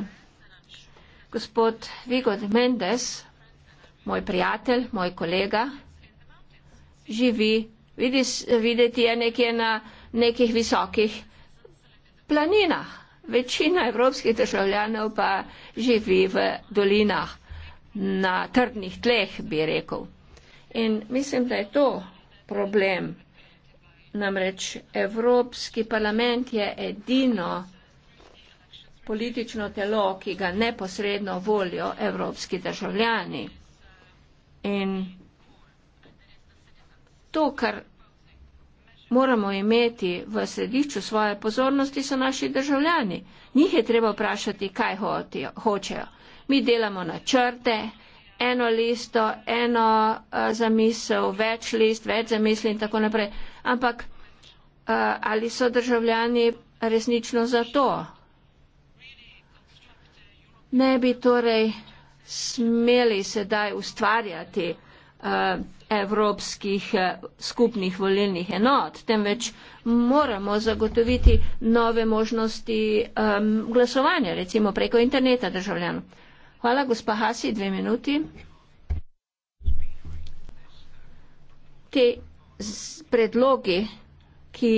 Gospod Vigod Mendes, moj prijatelj, moj kolega, živi, vidi, videti je nekje na nekih visokih planinah. Večina evropskih državljanov pa živi v dolinah, na trdnih tleh, bi rekel. In mislim, da je to problem. Namreč Evropski parlament je edino politično telo, ki ga neposredno volijo evropski državljani. In to, kar moramo imeti v središču svoje pozornosti, so naši državljani. Njih je treba vprašati, kaj hotijo, hočejo. Mi delamo na črte, eno listo, eno eh, zamisel, več list, več zamisli in tako naprej. Ampak eh, ali so državljani resnično za to? ne bi torej smeli sedaj ustvarjati uh, evropskih uh, skupnih volilnih enot, temveč moramo zagotoviti nove možnosti um, glasovanja, recimo preko interneta državljanov. Hvala, gospa Hasi, dve minuti. Te predlogi, ki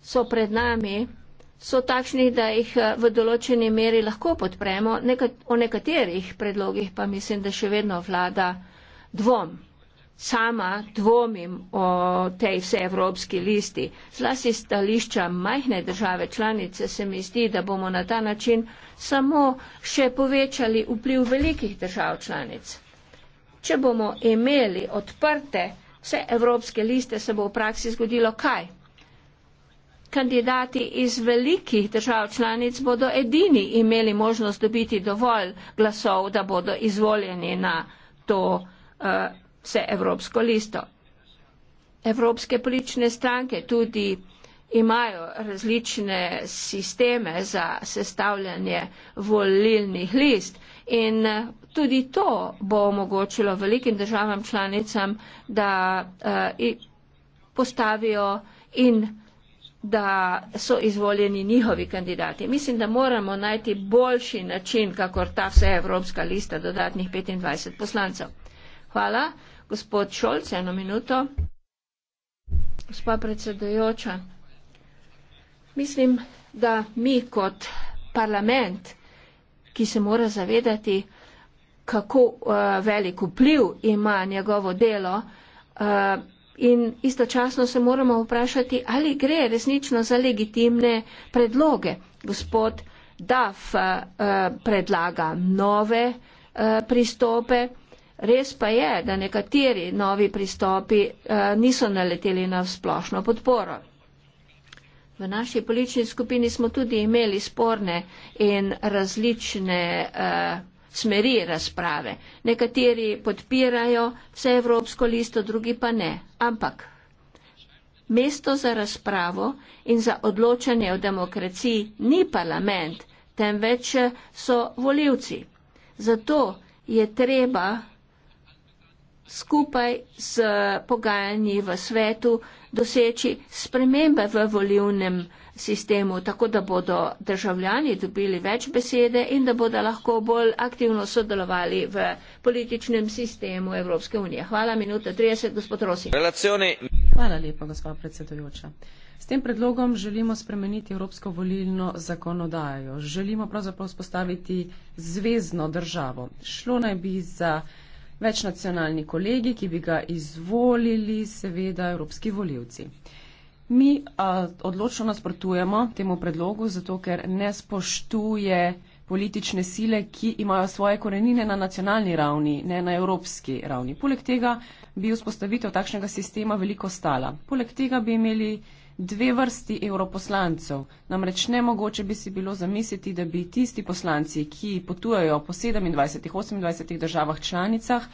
so pred nami, so takšni, da jih eh, v določeni meri lahko podpremo, o nekaterih predlogih pa mislim, da še vedno vlada dvom. Sama dvomim o tej vseevropski listi. Zlasti stališča majhne države članice se mi zdi, da bomo na ta način samo še povečali vpliv velikih držav članic. Če bomo imeli odprte vseevropske liste, se bo v praksi zgodilo kaj? kandidati iz velikih držav članic bodo edini imeli možnost dobiti dovolj glasov, da bodo izvoljeni na to eh, vse evropsko listo. Evropske politične stranke tudi imajo različne sisteme za sestavljanje volilnih list in eh, tudi to bo omogočilo velikim državam članicam, da eh, postavijo in da so izvoljeni njihovi kandidati. Mislim, da moramo najti boljši način, kakor ta vseevropska lista dodatnih 25 poslancev. Hvala. Gospod Šolc, eno minuto. Gospa predsedojoča, mislim, da mi kot parlament, ki se mora zavedati, kako uh, velik vpliv ima njegovo delo, uh, In istočasno se moramo vprašati, ali gre resnično za legitimne predloge. Gospod Daf uh, predlaga nove uh, pristope. Res pa je, da nekateri novi pristopi uh, niso naleteli na splošno podporo. V naši politični skupini smo tudi imeli sporne in različne. Uh, smeri razprave. Nekateri podpirajo vse Evropsko listo, drugi pa ne. Ampak mesto za razpravo in za odločanje o demokraciji ni parlament, temveč so voljivci. Zato je treba skupaj z pogajanji v svetu doseči spremembe v volivnem sistemu, tako da bodo državljani dobili več besede in da bodo lahko bolj aktivno sodelovali v političnem sistemu Evropske unije. Hvala, minuta 30, gospod Rosi. Relacioni. Hvala lepa, gospod predsedujoča. S tem predlogom želimo spremeniti evropsko volilno zakonodajo. Želimo pravzaprav spostaviti zvezdno državo. Šlo naj bi za večnacionalni kolegi, ki bi ga izvolili seveda evropski voljivci. Mi a, odločno nasprotujemo temu predlogu, zato ker ne spoštuje politične sile, ki imajo svoje korenine na nacionalni ravni, ne na evropski ravni. Poleg tega bi vzpostavitev takšnega sistema veliko stala. Poleg tega bi imeli dve vrsti europoslancev. Namreč nemogoče bi si bilo zamisliti, da bi tisti poslanci, ki potujejo po 27-28 državah članicah,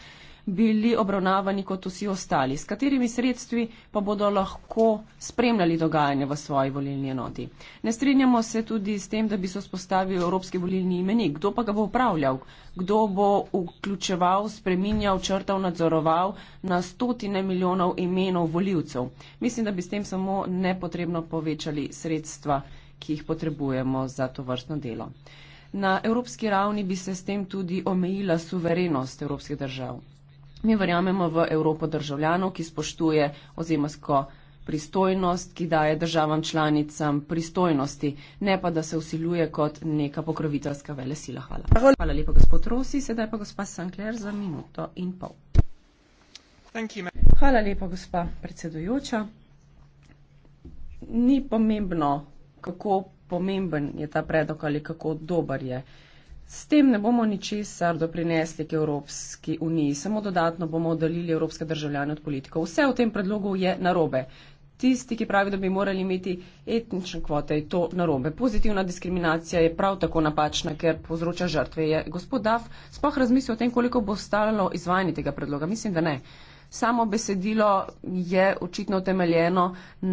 bili obravnavani kot vsi ostali, s katerimi sredstvi pa bodo lahko spremljali dogajanje v svoji volilni enoti. Ne strinjamo se tudi s tem, da bi se vzpostavil Evropski volilni imenik. Kdo pa ga bo upravljal? Kdo bo vključeval, spreminjal, črtal, nadzoroval na stotine milijonov imenov voljivcev? Mislim, da bi s tem samo nepotrebno povečali sredstva, ki jih potrebujemo za to vrstno delo. Na evropski ravni bi se s tem tudi omejila suverenost evropskih držav. Mi verjamemo v Evropo državljanov, ki spoštuje ozemsko pristojnost, ki daje državam članicam pristojnosti, ne pa da se usiljuje kot neka pokroviteljska vele sila. Hvala. Hvala lepa, gospod Rosi. Sedaj pa gospa Sankler za minuto in pol. Hvala lepa, gospa predsedujoča. Ni pomembno, kako pomemben je ta predlog ali kako dober je. S tem ne bomo ničesar doprinesli k Evropski uniji, samo dodatno bomo oddalili evropske državljane od politikov. Vse v tem predlogu je narobe. Tisti, ki pravi, da bi morali imeti etnične kvote, je to narobe. Pozitivna diskriminacija je prav tako napačna, ker povzroča žrtve. Je gospod Daf spoh razmislil o tem, koliko bo stalo izvajanje tega predloga? Mislim, da ne. Samo besedilo je očitno temeljeno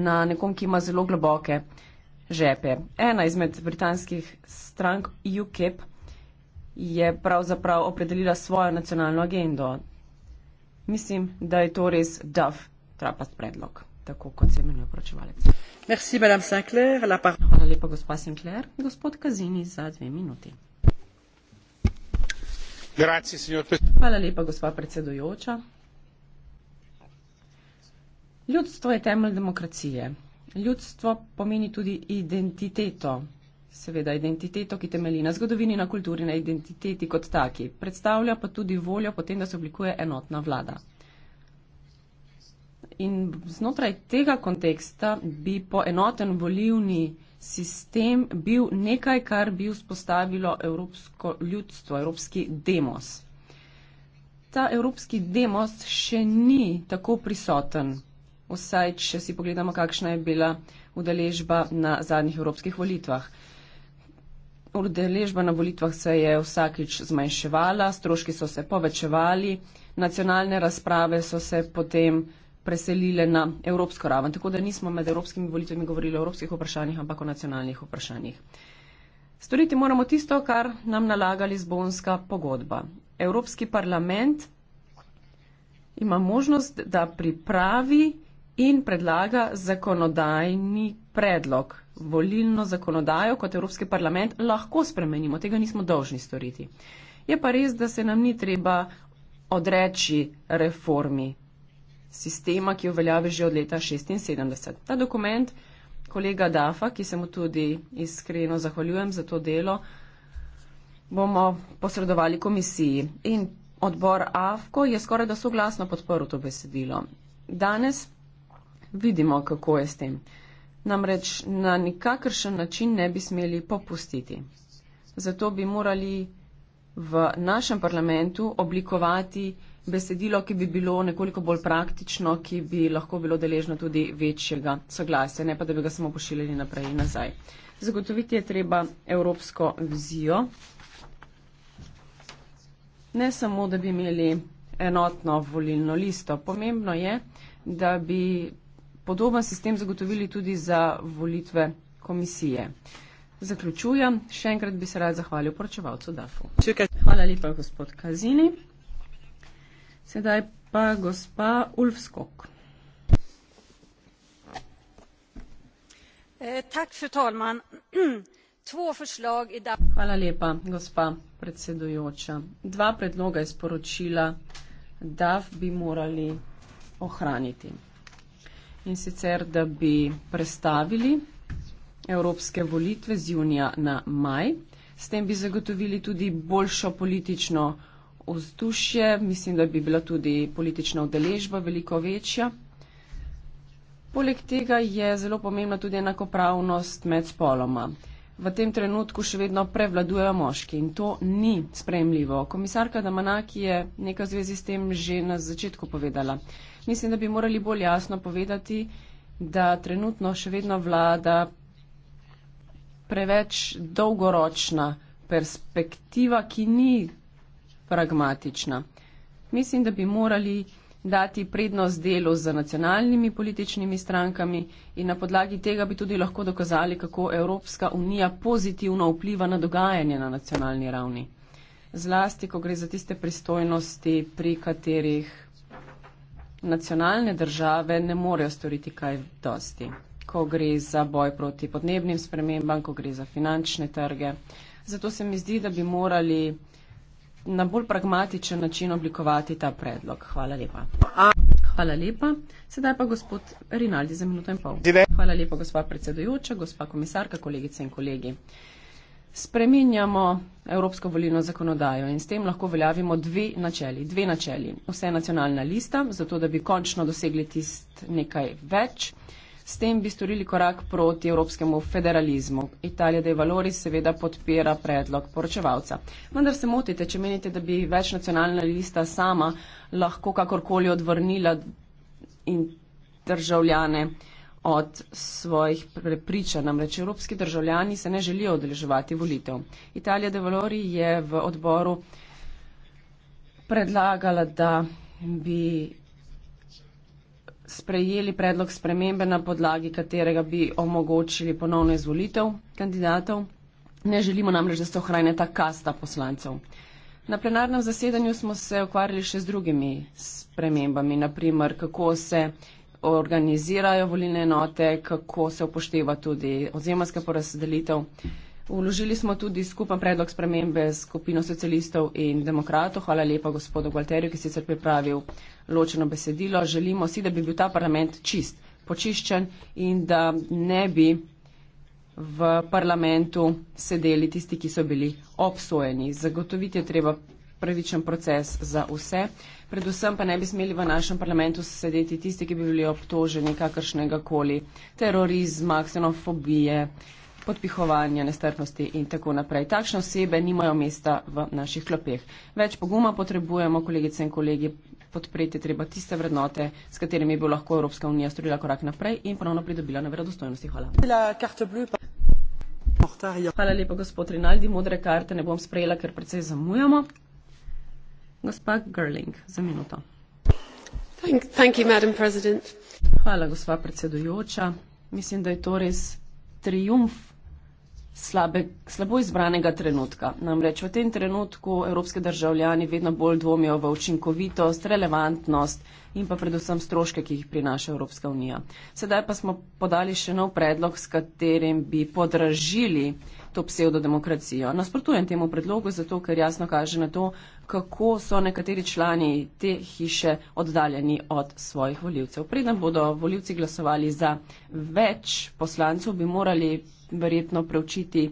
na nekom, ki ima zelo globoke žepe. Ena izmed britanskih strank UKIP je pravzaprav opredelila svojo nacionalno agendo. Mislim, da je to res dav trapast predlog, tako kot se imenuje poročevalec. Hvala lepa, gospa Sinclair. Gospod Kazini za dve minuti. Grazie, Hvala lepa, gospa predsedujoča. Ljudstvo je temelj demokracije. Ljudstvo pomeni tudi identiteto seveda identiteto, ki temelji na zgodovini, na kulturi, na identiteti kot taki. Predstavlja pa tudi voljo potem, da se oblikuje enotna vlada. In znotraj tega konteksta bi poenoten volivni sistem bil nekaj, kar bi vzpostavilo evropsko ljudstvo, evropski demos. Ta evropski demos še ni tako prisoten, vsaj če si pogledamo, kakšna je bila udeležba na zadnjih evropskih volitvah. Udeležba na volitvah se je vsakič zmanjševala, stroški so se povečevali, nacionalne razprave so se potem preselile na evropsko raven. Tako da nismo med evropskimi volitvami govorili o evropskih vprašanjih, ampak o nacionalnih vprašanjih. Storiti moramo tisto, kar nam nalaga Lizbonska pogodba. Evropski parlament ima možnost, da pripravi in predlaga zakonodajni predlog volilno zakonodajo kot Evropski parlament lahko spremenimo, tega nismo dolžni storiti. Je pa res, da se nam ni treba odreči reformi sistema, ki jo veljavi že od leta 1976. Ta dokument kolega Dafa, ki se mu tudi iskreno zahvaljujem za to delo, bomo posredovali komisiji. In odbor AFKO je skoraj da soglasno podporil to besedilo. Danes vidimo, kako je s tem namreč na nikakršen način ne bi smeli popustiti. Zato bi morali v našem parlamentu oblikovati besedilo, ki bi bilo nekoliko bolj praktično, ki bi lahko bilo deležno tudi večjega soglasja, ne pa da bi ga samo pošiljali naprej in nazaj. Zagotoviti je treba evropsko vizijo. Ne samo, da bi imeli enotno volilno listo. Pomembno je, da bi podoben sistem zagotovili tudi za volitve komisije. Zaključujem. Še enkrat bi se rad zahvalil poročevalcu DAF-u. Hvala lepa, gospod Kazini. Sedaj pa gospa Ulfskog. Eh, [CLEARS THROAT] Hvala lepa, gospa predsedujoča. Dva predloga iz poročila DAF bi morali ohraniti in sicer, da bi prestavili evropske volitve z junija na maj. S tem bi zagotovili tudi boljšo politično vzdušje, mislim, da bi bila tudi politična udeležba veliko večja. Poleg tega je zelo pomembna tudi enakopravnost med spoloma. Uh, v tem trenutku še vedno prevladujejo moški in to ni sprejemljivo. Komisarka Damanaki je nekaj v zvezi s tem že na začetku povedala. Mislim, da bi morali bolj jasno povedati, da trenutno še vedno vlada preveč dolgoročna perspektiva, ki ni pragmatična. Mislim, da bi morali dati prednost delu z nacionalnimi političnimi strankami in na podlagi tega bi tudi lahko dokazali, kako Evropska unija pozitivno vpliva na dogajanje na nacionalni ravni. Zlasti, ko gre za tiste pristojnosti, pri katerih nacionalne države ne morejo storiti kaj dosti. Ko gre za boj proti podnebnim spremembam, ko gre za finančne trge. Zato se mi zdi, da bi morali na bolj pragmatičen način oblikovati ta predlog. Hvala lepa. Hvala lepa. Sedaj pa gospod Rinaldi za minuto in pol. Hvala lepa, gospa predsedujoča, gospa komisarka, kolegice in kolegi. Spreminjamo Evropsko volilno zakonodajo in s tem lahko veljavimo dve načeli. Dve načeli. Vse nacionalna lista, zato da bi končno dosegli tist nekaj več. S tem bi storili korak proti evropskemu federalizmu. Italija De Valori seveda podpira predlog poročevalca. Vendar se motite, če menite, da bi večnacionalna lista sama lahko kakorkoli odvrnila in državljane od svojih prepričanj. Namreč evropski državljani se ne želijo odeleževati volitev. Italija De Valori je v odboru predlagala, da bi sprejeli predlog spremembe, na podlagi katerega bi omogočili ponovno izvolitev kandidatov. Ne želimo namreč, da se ohrane ta kasta poslancev. Na plenarnem zasedanju smo se ukvarjali še z drugimi spremembami, naprimer, kako se organizirajo volilne enote, kako se upošteva tudi ozemljska porazdelitev. Vložili smo tudi skupen predlog spremembe s skupino socialistov in demokratov. Hvala lepa gospodu Gualterju, ki je sicer pripravil ločeno besedilo. Želimo si, da bi bil ta parlament čist, počiščen in da ne bi v parlamentu sedeli tisti, ki so bili obsojeni. Zagotoviti je treba pravičen proces za vse. Predvsem pa ne bi smeli v našem parlamentu sedeti tisti, ki bi bili obtoženi kakršnega koli terorizma, ksenofobije, uh, podpihovanje, nestrpnosti in tako naprej. Takšne osebe nimajo mesta v naših klopeh. Več poguma potrebujemo, kolegice in kolegi, podpreti je treba tiste vrednote, s katerimi bi lahko Evropska unija storila korak naprej in ponovno pridobila na verodostojnosti. Hvala. Hvala lepa, gospod Rinaldi. Modre karte ne bom sprejela, ker precej zamujamo. Gospa Gerling, za minuto. Thank, thank you, madam president. Hvala, gospa predsedujoča. Mislim, da je to res triumf slabe, slabo izbranega trenutka. Namreč v tem trenutku evropske državljani vedno bolj dvomijo v učinkovitost, relevantnost in pa predvsem stroške, ki jih prinaša Evropska unija. Sedaj pa smo podali še nov predlog, s katerim bi podražili to pseudodemokracijo. Nasprotujem temu predlogu zato, ker jasno kaže na to, kako so nekateri člani te hiše oddaljeni od svojih voljivcev. Preden bodo voljivci glasovali za več poslancev, bi morali verjetno preučiti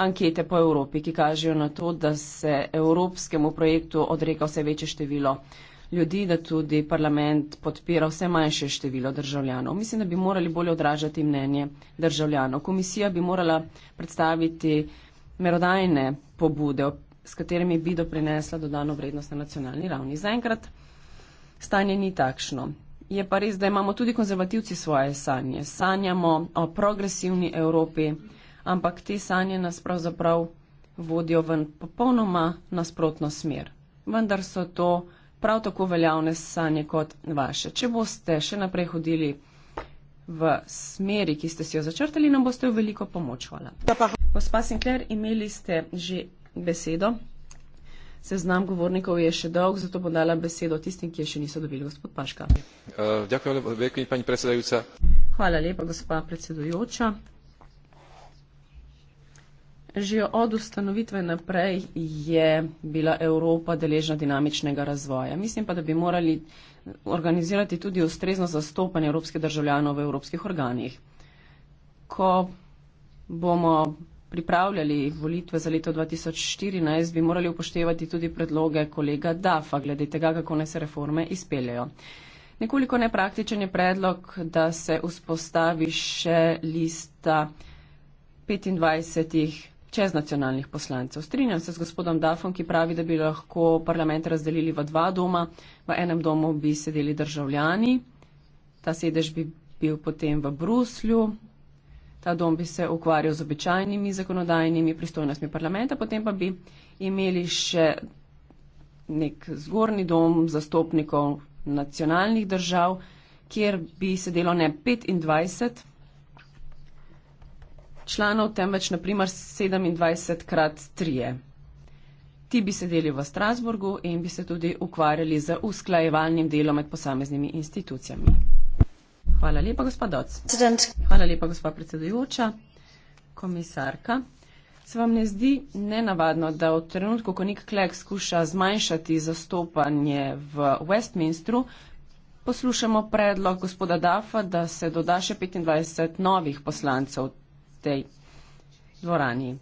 ankete po Evropi, ki kažejo na to, da se evropskemu projektu odreka vse večje število ljudi, da tudi parlament podpira vse manjše število državljanov. Mislim, da bi morali bolje odražati mnenje državljanov. Komisija bi morala predstaviti merodajne pobude, s katerimi bi doprinesla dodano vrednost na nacionalni ravni. Zaenkrat stanje ni takšno je pa res, da imamo tudi konzervativci svoje sanje. Sanjamo o progresivni Evropi, ampak te sanje nas pravzaprav vodijo v popolnoma nasprotno smer. Vendar so to prav tako veljavne sanje kot vaše. Če boste še naprej hodili v smeri, ki ste si jo začrtali, nam boste v veliko pomoč. Hvala. Gospa Sinclair, imeli ste že besedo. Seznam govornikov je še dolg, zato bom dala besedo tistim, ki je še niso dobili gospod Paška. Uh, ďakujem, veklji, pani predsedajúca. Hvala lepa, gospa predsedujoča. Že od ustanovitve naprej je bila Evropa deležna dinamičnega razvoja. Mislim pa, da bi morali organizirati tudi ustrezno zastopanje evropskih državljanov v evropskih organih. Ko bomo pripravljali volitve za leto 2014, bi morali upoštevati tudi predloge kolega Dafa glede tega, kako naj se reforme izpeljajo. Nekoliko nepraktičen je predlog, da se vzpostavi še lista 25 čez nacionalnih poslancev. Strinjam se z gospodom Dafom, ki pravi, da bi lahko parlament razdelili v dva doma. V enem domu bi sedeli državljani, ta sedež bi bil potem v Bruslju, Ta dom bi se ukvarjal z običajnimi zakonodajnimi pristojnostmi parlamenta, potem pa bi imeli še nek zgornji dom zastopnikov nacionalnih držav, kjer bi sedelo ne 25 članov, temveč naprimer 27 krat 3. Ti bi sedeli v Strasburgu in bi se tudi ukvarjali z usklajevalnim delom med posameznimi institucijami. Hvala lepa, gospa Doc. President. Hvala lepa, gospa predsedujoča, komisarka. Se vam ne zdi nenavadno, da v trenutku, ko nek klek skuša zmanjšati zastopanje v Westminstru, poslušamo predlog gospoda Dafa, da se doda še 25 novih poslancev v tej dvorani.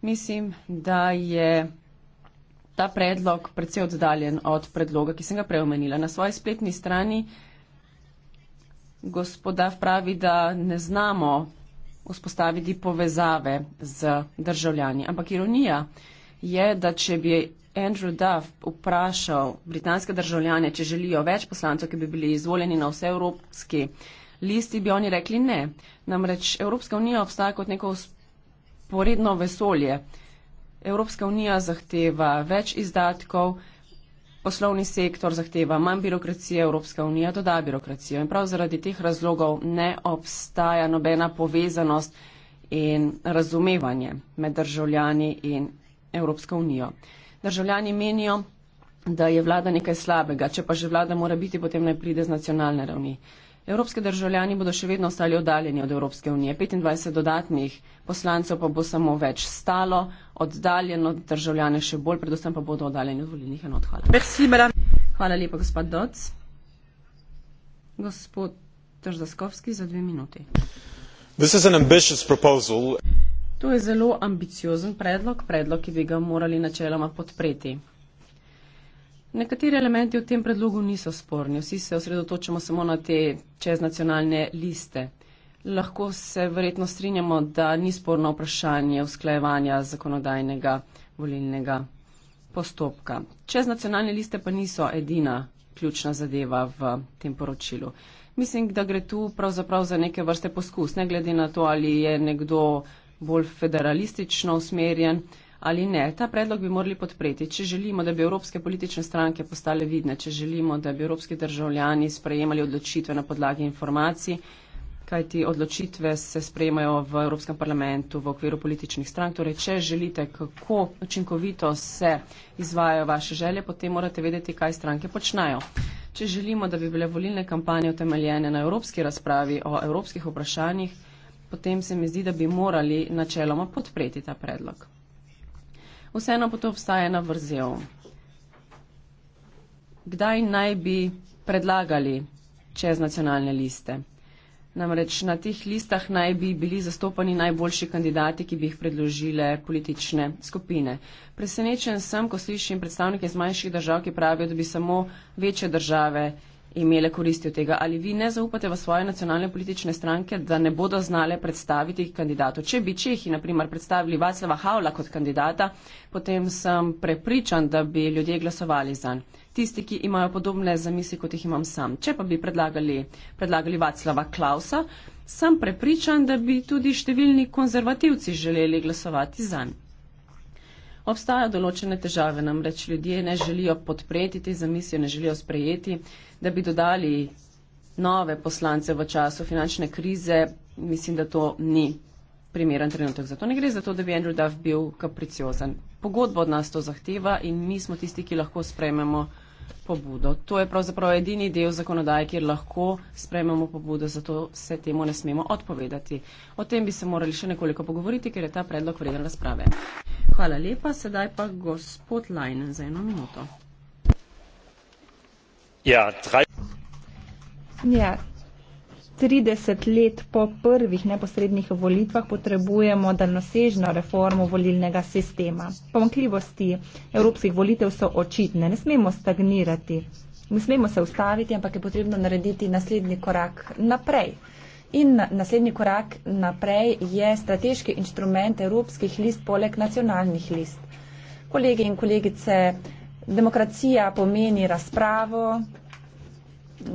Mislim, da je ta predlog predvsej oddaljen od predloga, ki sem ga preomenila. Na svoji spletni strani gospoda pravi, da ne znamo vzpostaviti povezave z državljani. Ampak ironija je, da če bi Andrew Duff vprašal britanske državljane, če želijo več poslancev, ki bi bili izvoljeni na vse evropski listi, bi oni rekli ne. Namreč Evropska unija obstaja kot neko sporedno vesolje. Evropska unija zahteva več izdatkov poslovni sektor zahteva manj birokracije, Evropska unija doda birokracijo in prav zaradi teh razlogov ne obstaja nobena povezanost in razumevanje med državljani in Evropsko unijo. Državljani menijo, da je vlada nekaj slabega, če pa že vlada mora biti, potem naj pride z nacionalne ravni. Evropski državljani bodo še vedno ostali oddaljeni od Evropske unije. 25 dodatnih poslancev pa bo samo več stalo, oddaljeno državljane še bolj, predvsem pa bodo oddaljeni od volilnih enot. Hvala. Merci, Hvala lepa, gospod Doc. Gospod Tržaskovski za dve minuti. This is an ambitious proposal. To je zelo ambiciozen predlog, predlog, ki bi ga morali načeloma podpreti. Nekateri elementi v tem predlogu niso sporni, vsi se osredotočamo samo na te čeznacionalne liste. Lahko se verjetno strinjamo, da ni sporno vprašanje usklajevanja zakonodajnega volilnega postopka. Čeznacionalne liste pa niso edina ključna zadeva v tem poročilu. Mislim, da gre tu pravzaprav za neke vrste poskus, ne glede na to, ali je nekdo bolj federalistično usmerjen ali ne. Ta predlog bi morali podpreti, če želimo, da bi evropske politične stranke postale vidne, če želimo, da bi evropski državljani sprejemali odločitve na podlagi informacij, kajti odločitve se sprejemajo v Evropskem parlamentu v okviru političnih strank. Torej, če želite, kako učinkovito se izvajajo vaše želje, potem morate vedeti, kaj stranke počnajo. Če želimo, da bi bile volilne kampanje utemeljene na evropski razpravi o evropskih vprašanjih, potem se mi zdi, da bi morali načeloma podpreti ta predlog vseeno pa to obstaja na vrzel. Kdaj naj bi predlagali čez nacionalne liste? Namreč na teh listah naj bi bili zastopani najboljši kandidati, ki bi jih predložile politične skupine. Presenečen sem, ko slišim predstavnike iz manjših držav, ki pravijo, da bi samo večje države imele koristi od tega. Ali vi ne zaupate v svoje nacionalne politične stranke, da ne bodo znale predstaviti kandidatov? Če bi Čehi, naprimer, predstavili Vaclava Havla kot kandidata, potem sem prepričan, da bi ljudje glasovali za njega. Tisti, ki imajo podobne zamisli, kot jih imam sam. Če pa bi predlagali, predlagali Vaclava Klausa, sem prepričan, da bi tudi številni konzervativci želeli glasovati za njega. Obstajajo določene težave, namreč ljudje ne želijo podpreti te zamisijo, ne želijo sprejeti, da bi dodali nove poslance v času finančne krize. Mislim, da to ni primeren trenutek. Zato ne gre za to, da bi Andrew Duff bil kapriciozen. Pogodbo od nas to zahteva in mi smo tisti, ki lahko sprejmemo pobudo. To je pravzaprav edini del zakonodaje, kjer lahko sprejmemo pobudo, zato se temu ne smemo odpovedati. O tem bi se morali še nekoliko pogovoriti, ker je ta predlog vreden razprave. Hvala lepa, sedaj pa gospod Lajn za eno minuto. Ja, ja 30 let po prvih neposrednih volitvah potrebujemo daljnosežno reformo volilnega sistema. Pomankljivosti evropskih volitev so očitne, ne smemo stagnirati, ne smemo se ustaviti, ampak je potrebno narediti naslednji korak naprej. In naslednji korak naprej je strateški inštrument evropskih list poleg nacionalnih list. Kolege in kolegice, demokracija pomeni razpravo,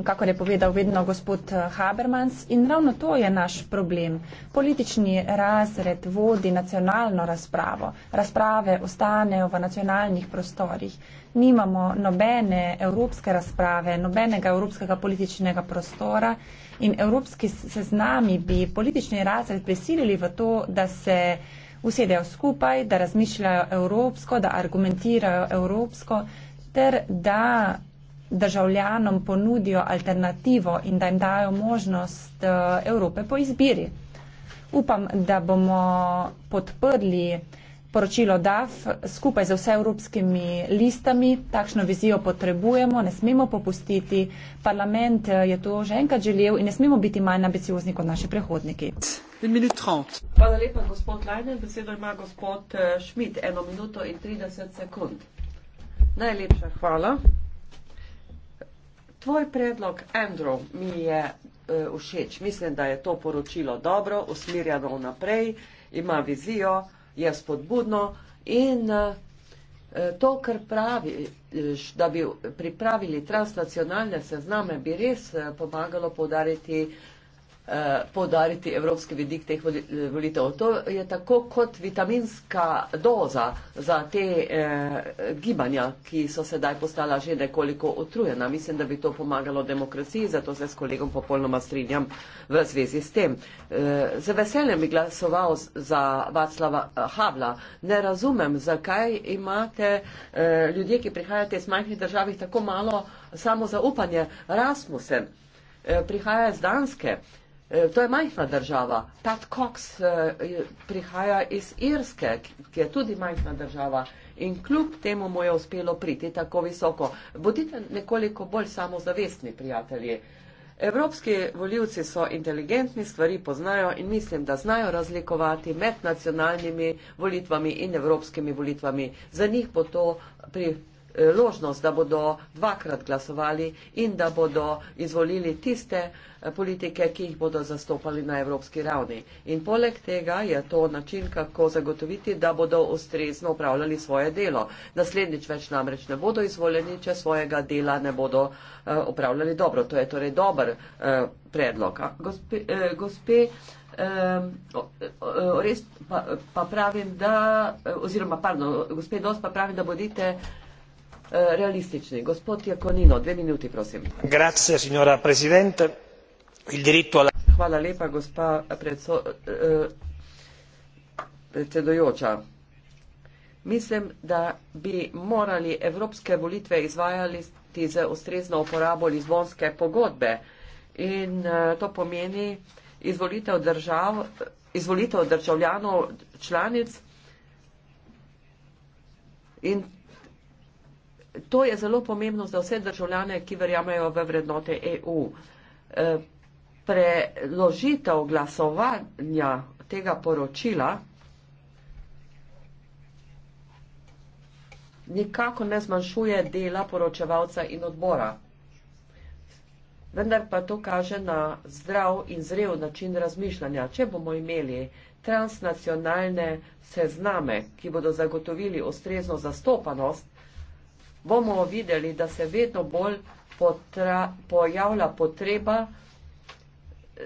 kako je povedal vedno gospod eh, Habermans. In ravno to je naš problem. Politični razred vodi nacionalno razpravo. Razprave ostanejo v nacionalnih prostorih. Nimamo nobene evropske razprave, nobenega evropskega političnega prostora in evropski seznami bi politični razred prisilili v to, da se usedejo skupaj, da razmišljajo evropsko, da argumentirajo evropsko ter da državljanom ponudijo alternativo in da jim dajo možnost eh, Evrope po izbiri. Upam, da bomo podprli poročilo DAF skupaj z vse evropskimi listami. Takšno vizijo potrebujemo, ne smemo popustiti. Parlament eh, je to že enkrat želel in ne smemo biti manj ambiciozni kot naši prehodniki. Hvala lepa, gospod Lajner. Besedo ima gospod Šmit. Eh, Eno minuto in 30 sekund. Najlepša hvala. Tvoj predlog, Andrew, mi je e, všeč. Mislim, da je to poročilo dobro, usmirjeno naprej, ima vizijo, je spodbudno in e, to, kar praviš, da bi pripravili transnacionalne sezname, bi res e, pomagalo podariti Eh, podariti evropski vidik teh volitev. To je tako kot vitaminska doza za te eh, gibanja, ki so sedaj postala že nekoliko otrujena. Mislim, da bi to pomagalo demokraciji, zato se s kolegom popolnoma strinjam v zvezi s tem. Eh, za veseljem bi glasoval za Vaclava eh, Havla. Ne razumem, zakaj imate eh, ljudje, ki prihajate iz majhnih držav, tako malo samozaupanje. Rasmusen eh, prihaja iz Danske. Eh, to je majhna država. Tat Cox eh, prihaja iz Irske, ki je tudi majhna država. In kljub temu mu je uspelo priti tako visoko. Bodite nekoliko bolj samozavestni, prijatelji. Evropski voljivci so inteligentni, stvari poznajo in mislim, da znajo razlikovati med nacionalnimi volitvami in evropskimi volitvami. Za njih bo to pri Eh, ložnost, da bodo dvakrat glasovali in da bodo izvolili tiste eh, politike, ki jih bodo zastopali na evropski ravni. In poleg tega je to način, kako zagotoviti, da bodo ustrezno upravljali svoje delo. Naslednjič več namreč ne bodo izvoljeni, če svojega dela ne bodo upravljali eh, dobro. To je torej dober predlog. Gospe, gospe Um, res pa, pa pravim, da, oziroma, pardon, gospe Dost, pa pravim, da bodite uh, Eh, il diritto alla. hvala lepa gospa eh, predsedujoča mislim da bi morali evropske volitve izvajati z ustrezno uporabo lizbonske pogodbe in eh, to pomeni izvolitev držav izvolitev državljanov članic in To je zelo pomembno za vse državljane, ki verjamejo v vrednote EU. E, preložitev glasovanja tega poročila nikako ne zmanjšuje dela poročevalca in odbora. Vendar pa to kaže na zdrav in zrel način razmišljanja. Če bomo imeli transnacionalne sezname, ki bodo zagotovili ustrezno zastopanost, bomo videli, da se vedno bolj potra, pojavlja potreba,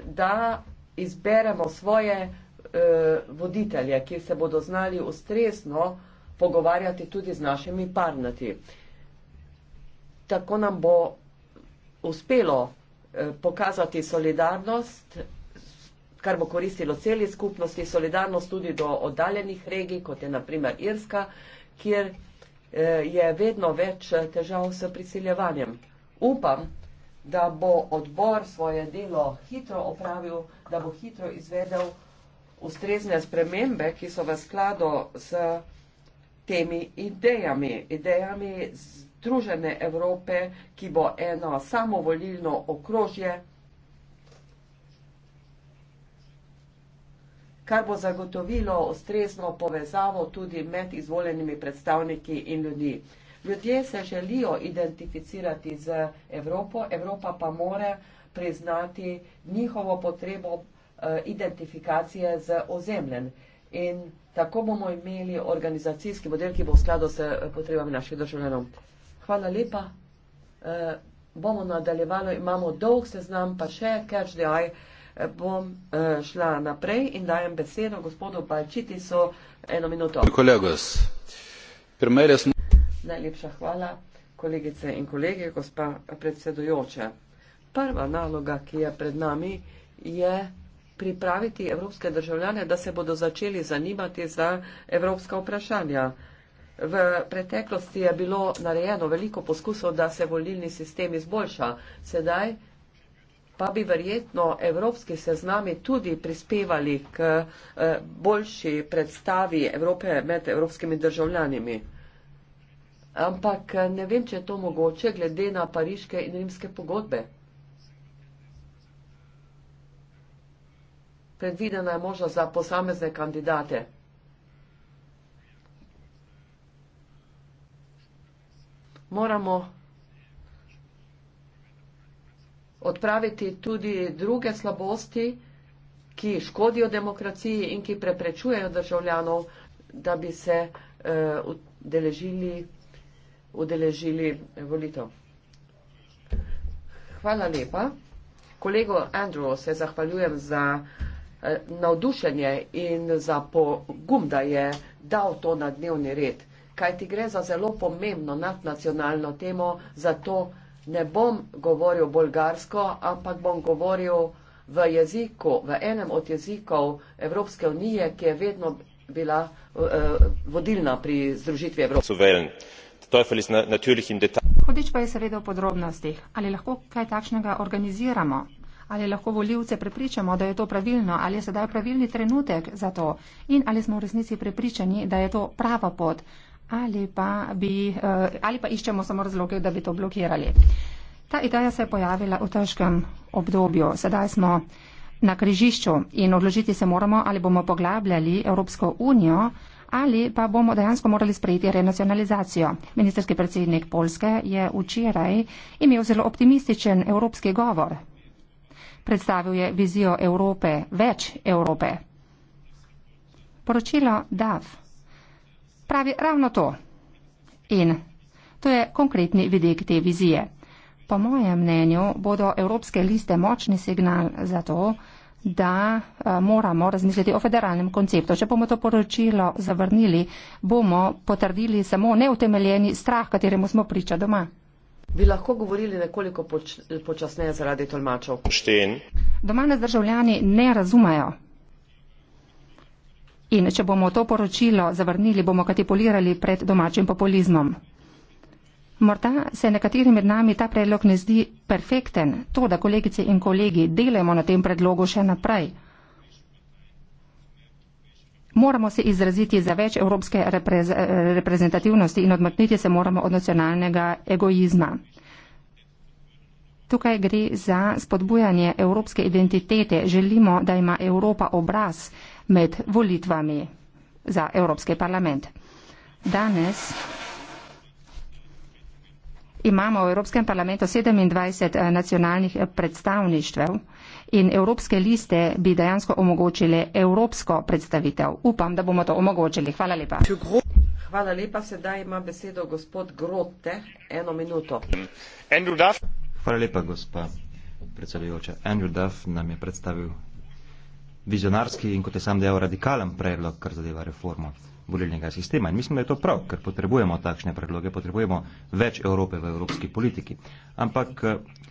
da izberemo svoje eh, voditelje, ki se bodo znali ustrezno pogovarjati tudi z našimi partnerji. Tako nam bo uspelo eh, pokazati solidarnost, kar bo koristilo celi skupnosti, solidarnost tudi do oddaljenih regij, kot je naprimer Irska, kjer Eh, je vedno več eh, težav s priseljevanjem. Upam, da bo odbor svoje delo hitro opravil, da bo hitro izvedel ustrezne spremembe, ki so v skladu s temi idejami, idejami Združene Evrope, ki bo eno samovoljilno okrožje. kar bo zagotovilo ustrezno povezavo tudi med izvoljenimi predstavniki in ljudi. Ljudje se želijo identificirati z Evropo, Evropa pa more priznati njihovo potrebo eh, identifikacije z ozemljen. In tako bomo imeli organizacijski model, ki bo v skladu s eh, potrebami naših državljanov. Hvala lepa. E, bomo nadaljevali, imamo dolg seznam, pa še catch the eye bom eh, šla naprej in dajem besedo gospodu Balčitisu eno minuto. Najlepša hvala, kolegice in kolege, gospa predsedujoča. Prva naloga, ki je pred nami, je pripraviti evropske državljane, da se bodo začeli zanimati za evropska vprašanja. V preteklosti je bilo narejeno veliko poskusov, da se volilni sistem izboljša. Sedaj pa bi verjetno evropski seznami tudi prispevali k eh, boljši predstavi Evrope med evropskimi državljanimi. Ampak eh, ne vem, če je to mogoče, glede na pariške in rimske pogodbe. Predvidena je možnost za posamezne kandidate. Moramo odpraviti tudi druge slabosti, ki škodijo demokraciji in ki preprečujejo državljanov, da bi se eh, udeležili, udeležili volitev. Hvala lepa. Kolego Andrew se zahvaljujem za eh, navdušenje in za pogum, da je dal to na dnevni red, kaj ti gre za zelo pomembno nadnacionalno temo, zato ne bom govoril bolgarsko, ampak bom govoril v jeziku, v enem od jezikov Evropske unije, ki je vedno bila uh, vodilna pri združitvi Evrope. Hodič pa je seveda v podrobnostih. Ali lahko kaj takšnega organiziramo? Ali lahko voljivce prepričamo, da je to pravilno, ali je sedaj pravilni trenutek za to in ali smo v resnici prepričani, da je to prava pot? ali pa, bi, eh, ali pa iščemo samo razloge, da bi to blokirali. Ta ideja se je pojavila v težkem obdobju. Sedaj smo na križišču in odložiti se moramo, ali bomo poglabljali Evropsko unijo ali pa bomo dejansko morali sprejeti renacionalizacijo. Ministerski predsednik Polske je včeraj imel zelo optimističen evropski govor. Predstavil je vizijo Evrope, več Evrope. Poročilo DAV pravi ravno to. In to je konkretni vidik te vizije. Po mojem mnenju bodo evropske liste močni signal za to, da eh, moramo razmisliti o federalnem konceptu. Če bomo to poročilo zavrnili, bomo potrdili samo neutemeljeni strah, kateremu smo priča doma. Bi lahko govorili nekoliko poč počasneje zaradi tolmačev? Doma nas državljani ne razumejo. In če bomo to poročilo zavrnili, bomo katipulirali pred domačim populizmom. Morda se nekateri med nami ta predlog ne zdi perfekten, to, da kolegice in kolegi delajmo na tem predlogu še naprej. Moramo se izraziti za več evropske reprez reprezentativnosti in odmrtniti se moramo od nacionalnega egoizma. Tukaj gre za spodbujanje evropske identitete. Želimo, da ima Evropa obraz, med volitvami za Evropski parlament. Danes imamo v Evropskem parlamentu 27 eh, nacionalnih eh, predstavništv in evropske liste bi dejansko omogočile evropsko predstavitev. Upam, da bomo to omogočili. Hvala lepa. Hvala lepa. Sedaj ima besedo gospod Grote. Eno minuto. Hvala lepa, gospa predsedujoča. Andrew Duff nam je predstavil vizionarski in, kot je sam dejal, radikalen predlog, kar zadeva reformo volilnega sistema. In mislim, da je to prav, ker potrebujemo takšne predloge, potrebujemo več Evrope v evropski politiki. Ampak eh,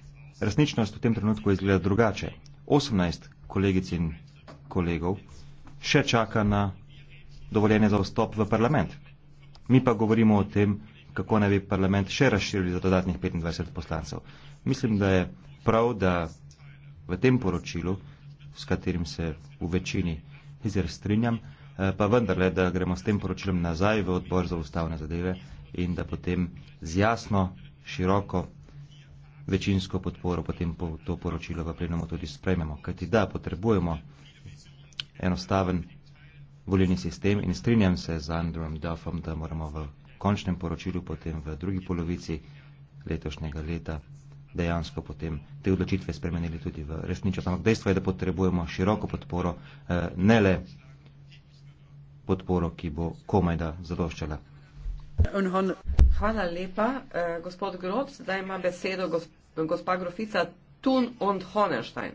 resničnost v tem trenutku izgleda drugače. 18 kolegic in kolegov še čaka na dovoljenje za vstop v parlament. Mi pa govorimo o tem, kako naj bi parlament še razširili za dodatnih 25 poslancev. Mislim, da je prav, da v tem poročilu s katerim se v večini izjer strinjam, eh, pa vendarle, da gremo s tem poročilom nazaj v odbor za ustavne zadeve in da potem z jasno, široko, večinsko podporo potem po to poročilo v plenumu tudi sprejmemo. Kajti da, potrebujemo enostaven volilni sistem in strinjam se z Andrewom Duffom, da moramo v končnem poročilu potem v drugi polovici letošnjega leta dejansko potem te odločitve spremenili tudi v resničnost. Ampak dejstvo je, da potrebujemo široko podporo, eh, ne le podporo, ki bo komaj da zadoščala. Hvala lepa, eh, gospod Grob. Zdaj ima besedo gospa Grofica Thun und Honenstein.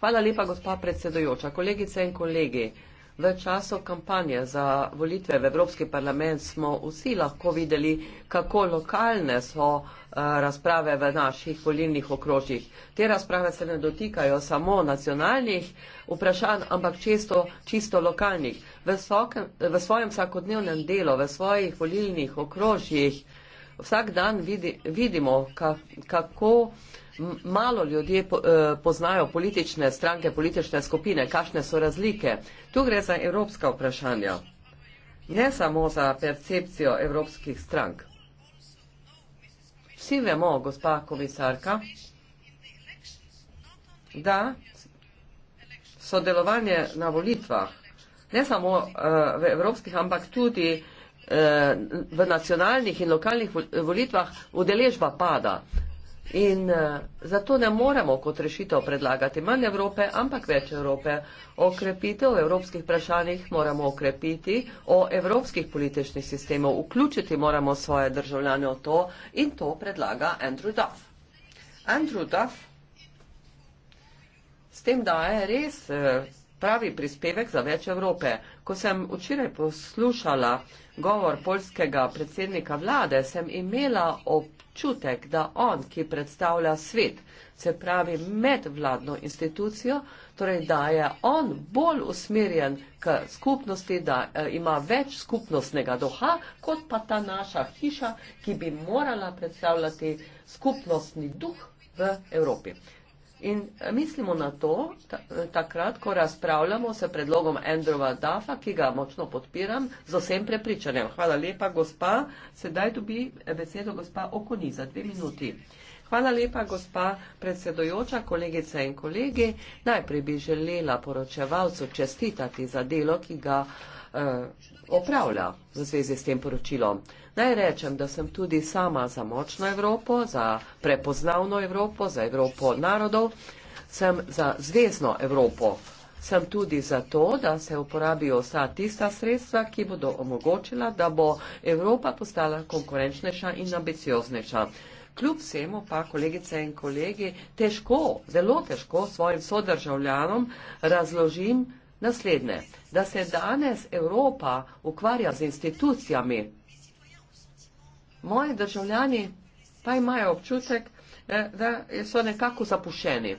Hvala lepa, gospa predsedojoča. Kolegice in kolegi. V času kampanje za volitve v Evropski parlament smo vsi lahko videli, kako lokalne so eh, razprave v naših volilnih okrožjih. Te razprave se ne dotikajo samo nacionalnih vprašanj, ampak često čisto lokalnih. V, soke, v svojem vsakodnevnem delu, v svojih volilnih okrožjih vsak dan vidi, vidimo, ka, kako malo ljudje eh, poznajo politične stranke, politične skupine, kakšne so razlike. Tu gre za evropska vprašanja, ne samo za percepcijo evropskih strank. Vsi vemo, gospa komisarka, da sodelovanje na volitvah, ne samo eh, v evropskih, ampak tudi eh, v nacionalnih in lokalnih volitvah, udeležba pada. In uh, zato ne moremo kot rešitev predlagati manj Evrope, ampak več Evrope. Okrepitev v evropskih vprašanjih moramo okrepiti, o evropskih političnih sistemov vključiti moramo svoje državljane v to in to predlaga Andrew Duff. Andrew Duff s tem daje res eh, pravi prispevek za več Evrope. Ko sem včeraj poslušala govor polskega predsednika vlade, sem imela občutek, občutek, da on, ki predstavlja svet, se pravi medvladno institucijo, torej da je on bolj usmerjen k skupnosti, da e, ima več skupnostnega duha, kot pa ta naša hiša, ki bi morala predstavljati skupnostni duh v Evropi. In mislimo na to, takrat, ta ko razpravljamo se predlogom Androva Dafa, ki ga močno podpiram, z vsem prepričanjem. Hvala lepa, gospa. Sedaj dobi besedo gospa Okoni za dve minuti. Hvala lepa, gospa predsedojoča, kolegice in kolegi. Najprej bi želela poročevalcu čestitati za delo, ki ga eh, opravlja v zvezi s tem poročilom. Eh, Naj rečem, da sem tudi sama za močno Evropo, za prepoznavno Evropo, za Evropo narodov, sem za zvezdno Evropo. Sem tudi za to, da se uporabijo vsa tista sredstva, ki bodo omogočila, da bo Evropa postala konkurenčnejša in ambicioznejša. Kljub vsemu pa, kolegice in kolegi, težko, zelo težko svojim sodržavljanom razložim naslednje, da se danes Evropa ukvarja z institucijami, moji državljani pa imajo občutek, eh, da so nekako zapušeni.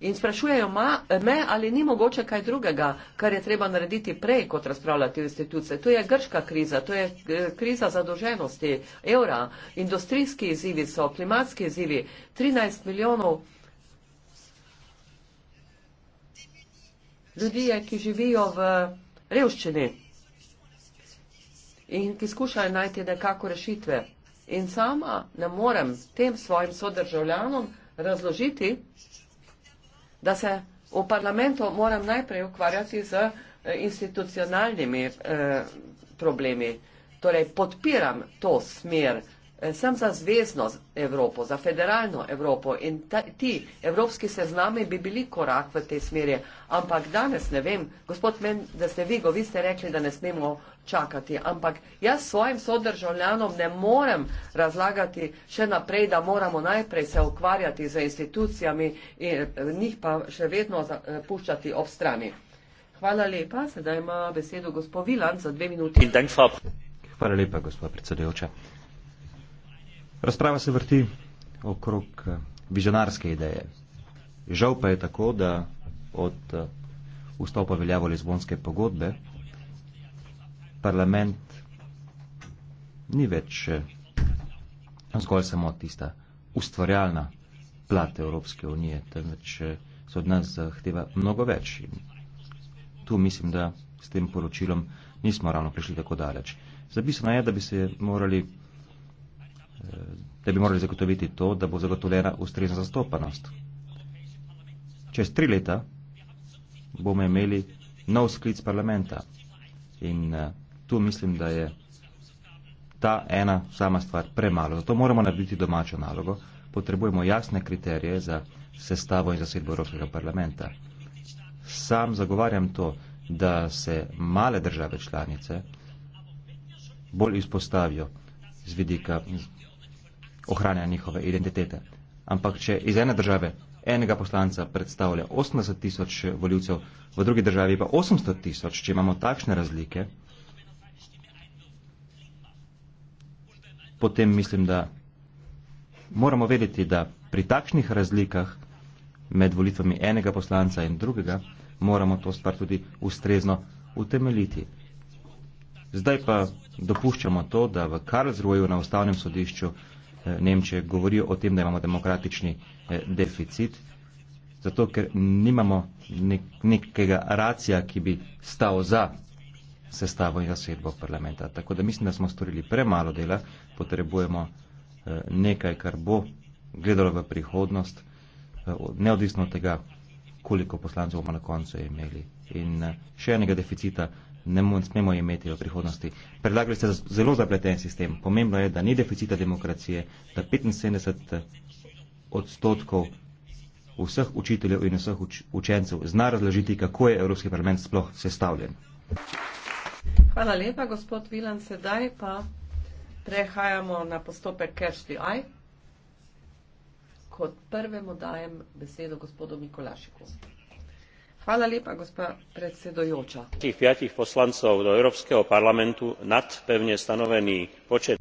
In sprašujejo ma, me, ali ni mogoče kaj drugega, kar je treba narediti prej, kot razpravljati v institucije. To je grška kriza, to je eh, kriza zadolženosti evra, industrijski izzivi so, klimatski izzivi, 13 milijonov ljudi je, ki živijo v revščini in ki skušajo najti nekako rešitve. In sama ne morem tem svojim sodržavljanom razložiti, da se v parlamentu moram najprej ukvarjati z eh, institucionalnimi eh, problemi. Torej podpiram to smer sem za zvezdno Evropo, za federalno Evropo in ta, ti evropski seznami bi bili korak v tej smeri, ampak danes ne vem, gospod Men, da ste vi, go, vi ste rekli, da ne smemo čakati, ampak jaz svojim sodržavljanom ne morem razlagati še naprej, da moramo najprej se ukvarjati z institucijami in eh, njih pa še vedno eh, puščati ob strani. Hvala lepa, sedaj ima besedo gospod Vilan za dve minuti. Hvala lepa, gospod predsedujoča. Razprava se vrti okrog eh, vizionarske ideje. Žal pa je tako, da od eh, vstopa veljavo Lizbonske pogodbe parlament ni več eh, zgolj samo tista ustvarjalna plat Evropske unije, temveč se od nas zahteva mnogo več. In tu mislim, da s tem poročilom nismo ravno prišli tako daleč. Zapisano je, da bi se morali da bi morali zagotoviti to, da bo zagotovljena ustrezna zastopanost. Čez tri leta bomo imeli nov sklic parlamenta in eh, tu mislim, da je ta ena sama stvar premalo. Zato moramo narediti domačo nalogo, potrebujemo jasne kriterije za sestavo in zasedbo Evropskega parlamenta. Sam zagovarjam to, da se male države članice bolj izpostavijo z vidika ohranja njihove identitete. Ampak, če iz ene države enega poslanca predstavlja 80 tisoč voljivcev, v drugi državi pa 800 tisoč, če imamo takšne razlike, potem mislim, da moramo vedeti, da pri takšnih razlikah med volitvami enega poslanca in drugega moramo to stvar tudi ustrezno utemeljiti. Zdaj pa dopuščamo to, da v Karlsruheju na ustavnem sodišču Nemčije govorijo o tem, da imamo demokratični eh, deficit, zato ker nimamo nek, nekega racija, ki bi stal za sestavo in zasedbo parlamenta. Tako da mislim, da smo storili premalo dela, potrebujemo eh, nekaj, kar bo gledalo v prihodnost, eh, neodvisno od tega, koliko poslancev bomo na koncu imeli. In še enega deficita ne smemo imeti v prihodnosti. Predlagali ste zelo zapleten sistem. Pomembno je, da ni deficita demokracije, da 75 eh, odstotkov vseh učiteljev in vseh uč učencev zna razložiti, kako je Evropski parlament sploh sestavljen. Hvala lepa, gospod Vilan. Sedaj pa prehajamo na postopek Catch the Eye. Kot prvemu dajem besedo gospodu Mikolašiku tých piatich poslancov do európskeho parlamentu nad pevne stanovený počet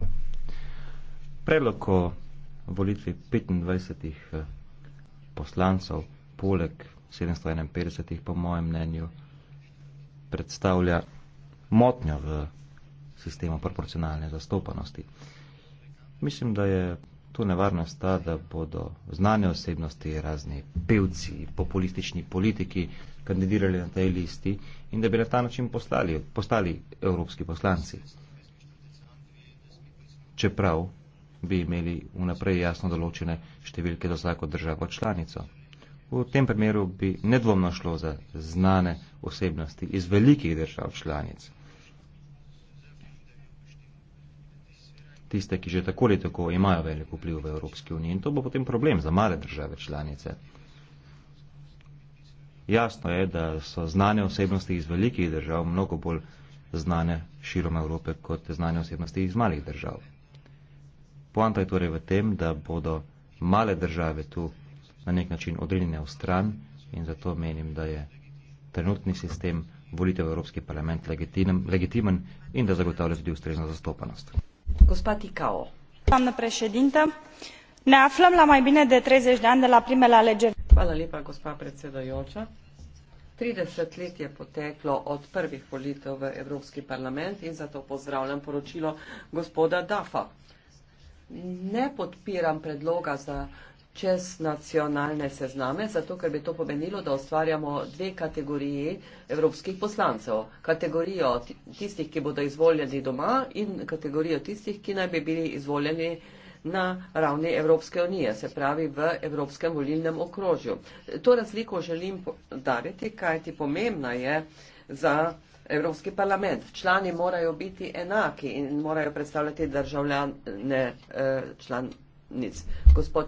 predlog o volitvi petindvajsetih eh, poslancov poleg sedemsto enainpetdesetih po mojem mnenju predstavlja motnjo v sistemu proporcionalne zastopanosti mislim da je tu nevarnost ta, da bodo znane osebnosti, razni pevci, populistični politiki kandidirali na tej listi in da bi na ta način postali, postali evropski poslanci. Čeprav bi imeli vnaprej jasno določene številke za vsako državo članico. V tem primeru bi nedvomno šlo za znane osebnosti iz velikih držav članic. tiste, ki že tako ali tako imajo velik vpliv v Evropski uniji. In to bo potem problem za male države članice. Jasno je, da so znane osebnosti iz velikih držav mnogo bolj znane širom Evrope, kot znane osebnosti iz malih držav. Poanta je torej v tem, da bodo male države tu na nek način odrinjene v stran in zato menim, da je trenutni sistem volitev v Evropski parlament legitimen in da zagotavlja tudi ustrezno zastopanost ne aflăm la mai bine de treizeci de ani de la primele alegeri Hvala lepa, gospa predsedajoča. 30 let je poteklo od prvih volitev v Evropski parlament in zato pozdravljam poročilo gospoda Dafa. Ne podpiram predloga za čez nacionalne sezname, zato ker bi to pomenilo, da ustvarjamo dve kategoriji evropskih poslancev. Kategorijo tistih, ki bodo izvoljeni doma in kategorijo tistih, ki naj bi bili izvoljeni na ravni Evropske unije, se pravi v Evropskem volilnem okrožju. To razliko želim dariti, kajti pomembna je za Evropski parlament. Člani morajo biti enaki in morajo predstavljati državljane eh, članic. Gospod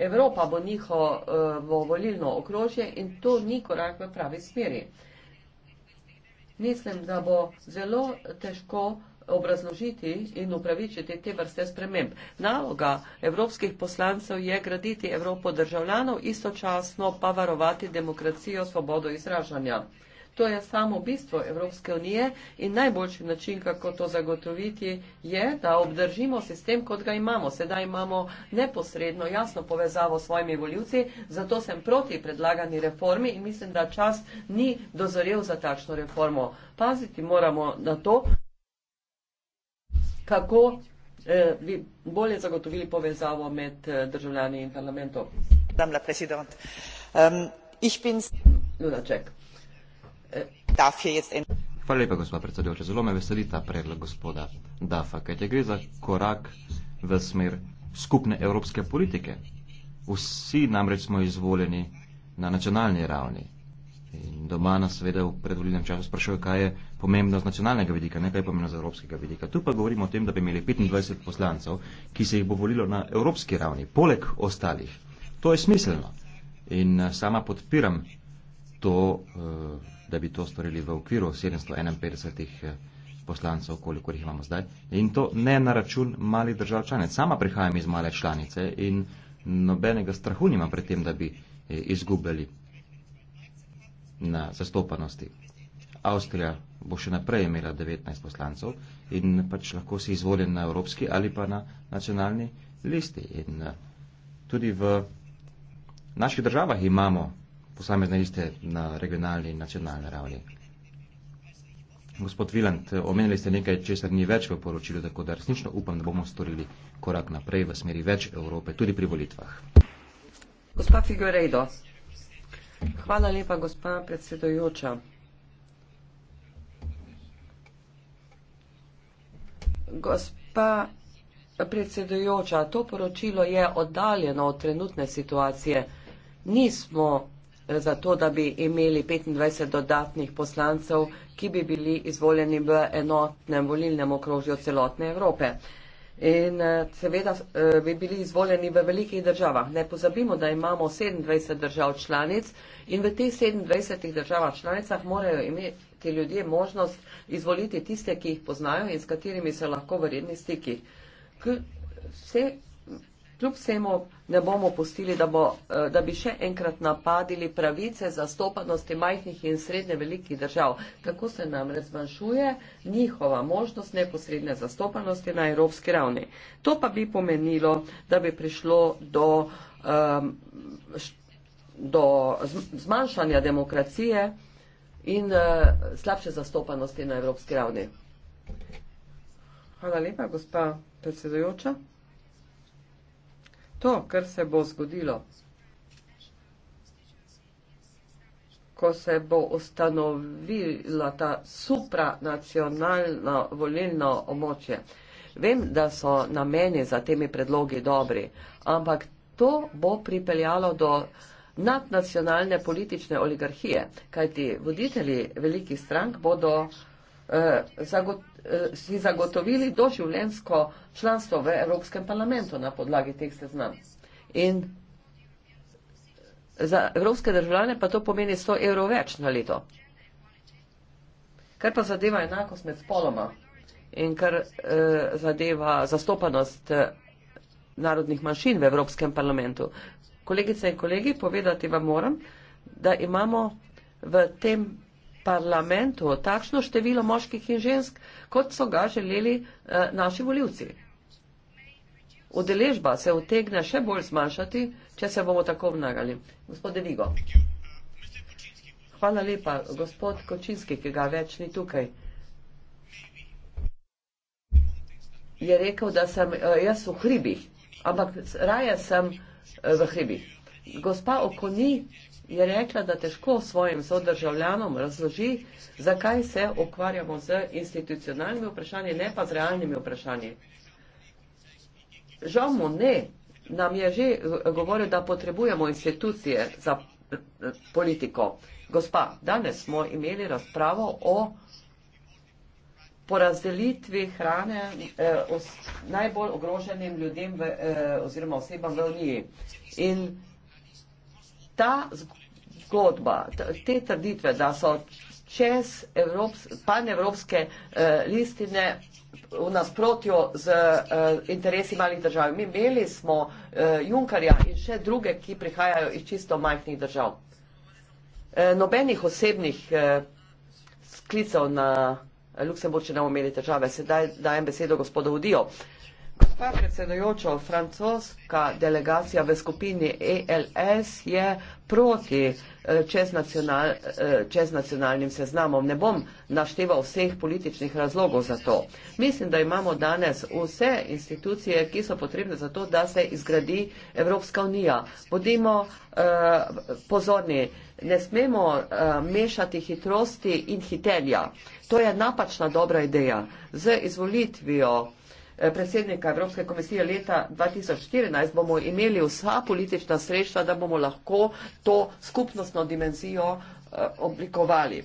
Evropa bo njihovo eh, volilno okrožje in to ni korak v pravi smeri. Mislim, da bo zelo težko obrazložiti in upravičiti te vrste sprememb. Naloga evropskih poslancev je graditi Evropo državljanov, istočasno pa varovati demokracijo, svobodo izražanja. To je samo bistvo Evropske unije in najboljši način, kako to zagotoviti, je, da obdržimo sistem, kot ga imamo. Sedaj imamo neposredno jasno povezavo s svojimi voljivci, zato sem proti predlagani reformi in mislim, da čas ni dozorel za takšno reformo. Paziti moramo na to, kako eh, bi bolje zagotovili povezavo med eh, državljani in parlamentom. Um, ich bin Luna Jack. Dafje jest en. Hvala lepa, gospa predsedujoča. Zelo me veseli ta predlog gospoda Dafa, kaj te gre za korak v smer skupne evropske politike. Vsi namreč smo izvoljeni na nacionalni ravni. In doma nas seveda v predvoljenem času sprašuje, kaj je pomembno z nacionalnega vidika, ne kaj je pomembno z evropskega vidika. Tu pa govorimo o tem, da bi imeli 25 poslancev, ki se jih bo volilo na evropski ravni, poleg ostalih. To je smiselno. In eh, sama podpiram to. Uh, da bi to storili v okviru 751 eh, poslancev, koliko jih imamo zdaj. In to ne na račun malih držav članic. Sama prihajam iz male članice in nobenega strahu nimam pred tem, da bi eh, izgubili na zastopanosti. Avstrija bo še naprej imela 19 poslancev in pač lahko si izvoljen na evropski ali pa na nacionalni listi. In eh, tudi v naših državah imamo posamezne liste na regionalni in nacionalni ravni. Gospod Viland, omenili ste nekaj, česar ni več v poročilu, tako da resnično upam, da bomo storili korak naprej v smeri več Evrope, tudi pri volitvah. Gospa Figueiredo. Hvala lepa, gospa predsedojoča. Gospa predsedojoča, to poročilo je oddaljeno od trenutne situacije. Nismo za to, da bi imeli 25 dodatnih poslancev, ki bi bili izvoljeni v enotnem volilnem okrožju celotne Evrope. In eh, seveda eh, bi bili izvoljeni v velikih državah. Ne pozabimo, da imamo 27 držav članic in v teh 27 državah članicah morajo imeti ljudje možnost izvoliti tiste, ki jih poznajo in s katerimi se lahko v redni stiki. K vse kljub vsemu ne bomo pustili, da, bo, eh, da bi še enkrat napadili pravice zastopanosti majhnih in srednje velikih držav. Tako se nam razmanjšuje njihova možnost neposredne zastopanosti na evropski ravni. To pa bi pomenilo, da bi prišlo do, um, do zmanjšanja demokracije in uh, slabše zastopanosti na evropski ravni. Hvala lepa, gospa predsedujoča to, kar se bo zgodilo, ko se bo ustanovila ta supranacionalno volilno območje. Vem, da so nameni za temi predlogi dobri, ampak to bo pripeljalo do nadnacionalne politične oligarhije, kajti voditelji velikih strank bodo Eh, zagot, eh, si zagotovili doživljensko članstvo v Evropskem parlamentu na podlagi teh seznam. In za evropske državljane pa to pomeni 100 evrov več na leto. Kar pa zadeva enakost med spoloma in kar eh, zadeva zastopanost eh, narodnih manjšin v Evropskem parlamentu. Kolegice in kolegi, povedati vam moram, da imamo v tem parlamentu takšno število moških in žensk, kot so ga želeli eh, naši voljivci. Udeležba se utegne še bolj zmanjšati, če se bomo tako vnagali. Gospod Devigo. Hvala lepa, gospod Kočinski, ki ga več ni tukaj. Je rekel, da sem eh, jaz v hribih, ampak raje sem eh, v hribih. Gospa Okoni je rekla, da težko svojim sodržavljanom razloži, zakaj se ukvarjamo z institucionalnimi vprašanji, ne pa z realnimi vprašanji. Žal mu ne, nam je že eh, govoril, da potrebujemo institucije za eh, politiko. Gospa, danes smo imeli razpravo o porazdelitvi hrane eh, os, najbolj ogroženim ljudem v, eh, oziroma osebam v Uniji. In ta zgodba, zgodba, te trditve, da so čez Evrops, panevropske eh, listine v nasprotju z eh, interesi malih držav. Mi imeli smo eh, Junkarja in še druge, ki prihajajo iz čisto majhnih držav. Eh, nobenih osebnih eh, sklicev na Luksemburg, če ne bomo imeli težave, sedaj dajem besedo gospodu Vodijo. Eh, Gospa predsedujoča, francoska delegacija v skupini ELS je proti eh, čeznacional, eh, čeznacionalnim seznamom. Ne bom našteval vseh političnih razlogov za to. Mislim, da imamo danes vse institucije, ki so potrebne za to, da se izgradi Evropska unija. Bodimo eh, pozorni, ne smemo eh, mešati hitrosti in hitelja. To je napačna dobra ideja. Z izvolitvijo predsednika Evropske komisije leta 2014 bomo imeli vsa politična sredstva, da bomo lahko to skupnostno dimenzijo eh, oblikovali.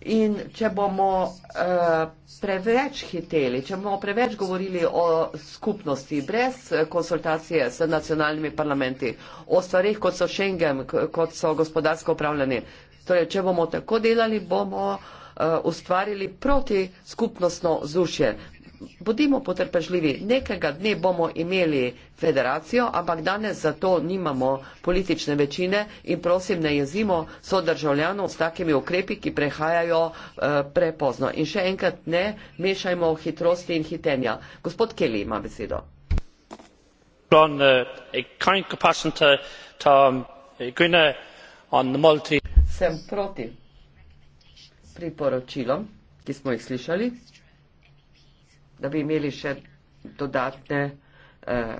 In če bomo eh, preveč hiteli, če bomo preveč govorili o skupnosti brez eh, konsultacije s nacionalnimi parlamenti, o stvarih, kot so Schengen, kot so gospodarsko upravljanje, torej, če bomo tako delali, bomo ustvarili proti skupnostno zušje bodimo potrpežljivi, nekega dne bomo imeli federacijo, ampak danes za to nimamo politične večine in prosim ne jezimo sodržavljanov s takimi ukrepi, ki prehajajo eh, prepozno. In še enkrat ne mešajmo hitrosti in hitenja. Gospod Kelly ima besedo. Eh, Sem proti priporočilom, ki smo jih slišali da bi imeli še dodatne eh,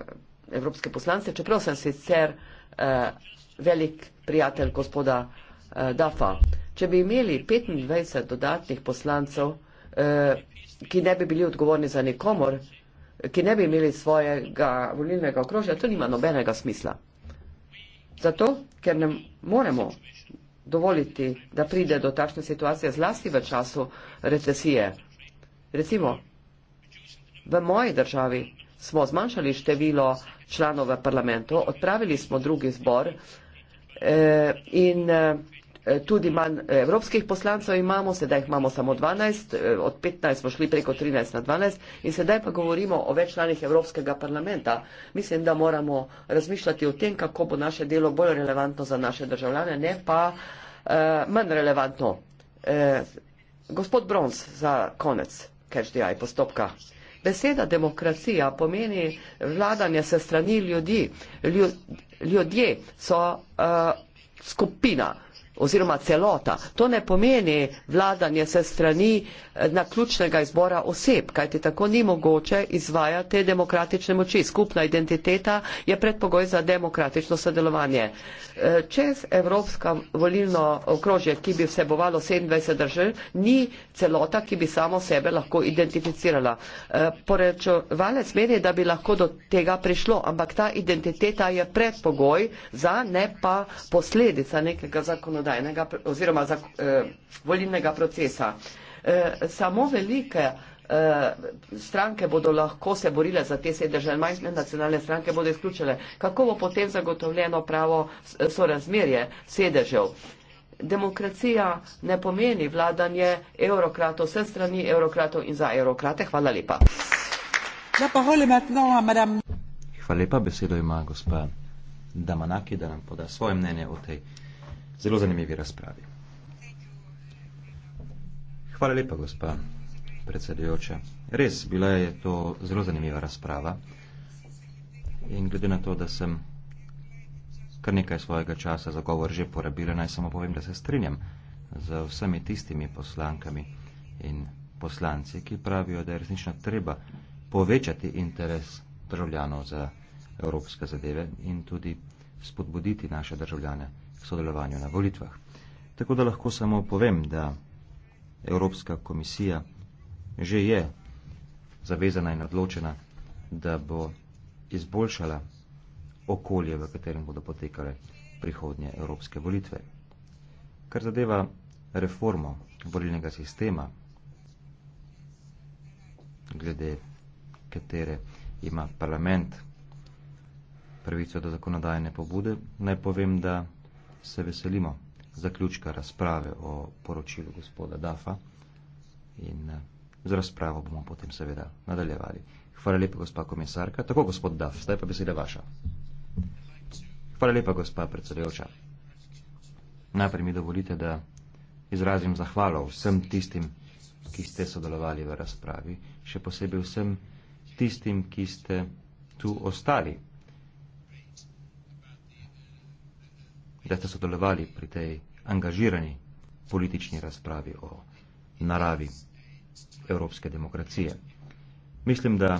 evropske poslance, čeprav sem sicer eh, velik prijatelj gospoda eh, Dafa. Če bi imeli 25 dodatnih poslancev, eh, ki ne bi bili odgovorni za nikomor, ki ne bi imeli svojega volilnega okrožja, to nima nobenega smisla. Zato, ker ne moremo dovoliti, da pride do takšne situacije zlasti v času recesije. Recimo, v moji državi smo zmanjšali število članov parlamentu, odpravili smo drugi zbor eh, in eh, tudi manj evropskih poslancev imamo, sedaj jih imamo samo 12, eh, od 15 smo šli preko 13 na 12 in sedaj pa govorimo o več članih Evropskega parlamenta. Mislim, da moramo razmišljati o tem, kako bo naše delo bolj relevantno za naše državljane, ne pa uh, manj relevantno. Uh, gospod Brons, za konec, ker je postopka. Beseda demokracija pomeni vladanje se strani ljudi. Ljud, ljudje so uh, skupina oziroma celota. To ne pomeni vladanje se strani eh, na ključnega izbora oseb, kajti tako ni mogoče izvajati demokratične moči. Skupna identiteta je predpogoj za demokratično sodelovanje. Eh, čez Evropska volilno okrožje, ki bi vsebovalo 27 držav, ni celota, ki bi samo sebe lahko identificirala. Eh, Porečevalec meni, da bi lahko do tega prišlo, ampak ta identiteta je predpogoj za, ne pa posledica nekega zakonodajstva zakonodajnega oziroma zak, eh, volilnega procesa. Eh, samo velike eh, stranke bodo lahko se borile za te sedeže, majhne nacionalne stranke bodo izključile. Kako bo potem zagotovljeno pravo sorazmerje sedežev? Demokracija ne pomeni vladanje eurokratov, vse strani eurokratov in za eurokrate. Hvala lepa. Hvala lepa, besedo ima gospa Damanaki, da nam poda svoje mnenje o tej zelo zanimivi razpravi. Hvala lepa, gospa predsedujoča. Res, bila je to zelo zanimiva razprava in glede na to, da sem kar nekaj svojega časa za govor že porabila, naj samo povem, da se strinjam z vsemi tistimi poslankami in poslanci, ki pravijo, da je resnično treba povečati interes državljanov za evropske zadeve in tudi spodbuditi naše državljane k sodelovanju na volitvah. Tako da lahko samo povem, da Evropska komisija že je zavezana in odločena, da bo izboljšala okolje, v katerem bodo potekale prihodnje evropske volitve. Kar zadeva reformo volilnega sistema, glede katere ima parlament pravico do zakonodajne pobude, naj povem, da se veselimo zaključka razprave o poročilu gospoda Dafa in eh, z razpravo bomo potem seveda nadaljevali. Hvala lepa, gospa komisarka. Tako, gospod Daf, zdaj pa beseda vaša. Hvala lepa, gospa predsedujoča. Najprej mi dovolite, da izrazim zahvalo vsem tistim, ki ste sodelovali v razpravi, še posebej vsem tistim, ki ste tu ostali da ste sodelovali pri tej angažirani politični razpravi o naravi evropske demokracije. Mislim, da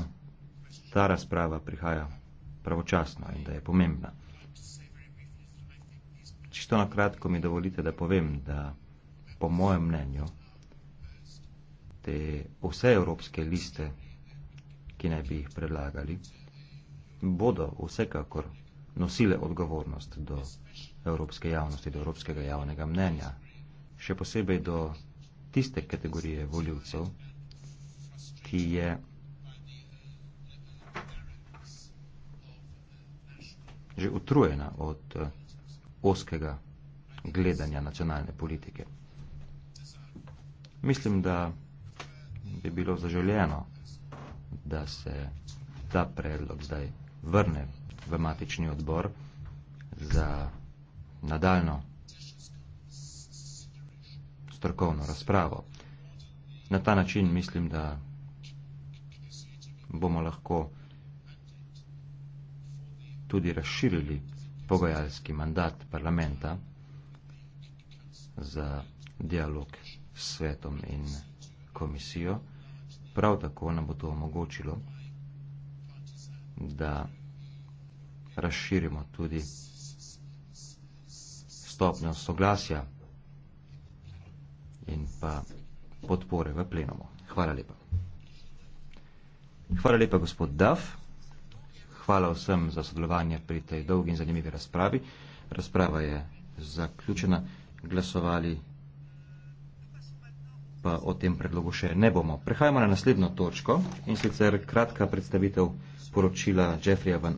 ta razprava prihaja pravočasno in da je pomembna. Čisto na kratko mi dovolite, da povem, da po mojem mnenju te vse evropske liste, ki naj bi jih predlagali, bodo vsekakor nosile odgovornost do do evropske javnosti, do evropskega javnega mnenja, še posebej do tiste kategorije voljivcev, ki je že utrujena od eh, oskega gledanja nacionalne politike. Mislim, da bi bilo zaželjeno, da se ta predlog zdaj vrne v matični odbor za nadaljno strokovno razpravo. Na ta način mislim, da bomo lahko tudi razširili pogajalski mandat parlamenta za dialog s svetom in komisijo. Prav tako nam bo to omogočilo, da razširimo tudi stopnjo soglasja in pa podpore v plenumu. Hvala lepa. Hvala lepa, gospod Duff. Hvala vsem za sodelovanje pri tej dolgi in zanimivi razpravi. Razprava je zaključena. Glasovali pa o tem predlogu še ne bomo. Prehajamo na naslednjo točko in sicer kratka predstavitev poročila Jeffreya Van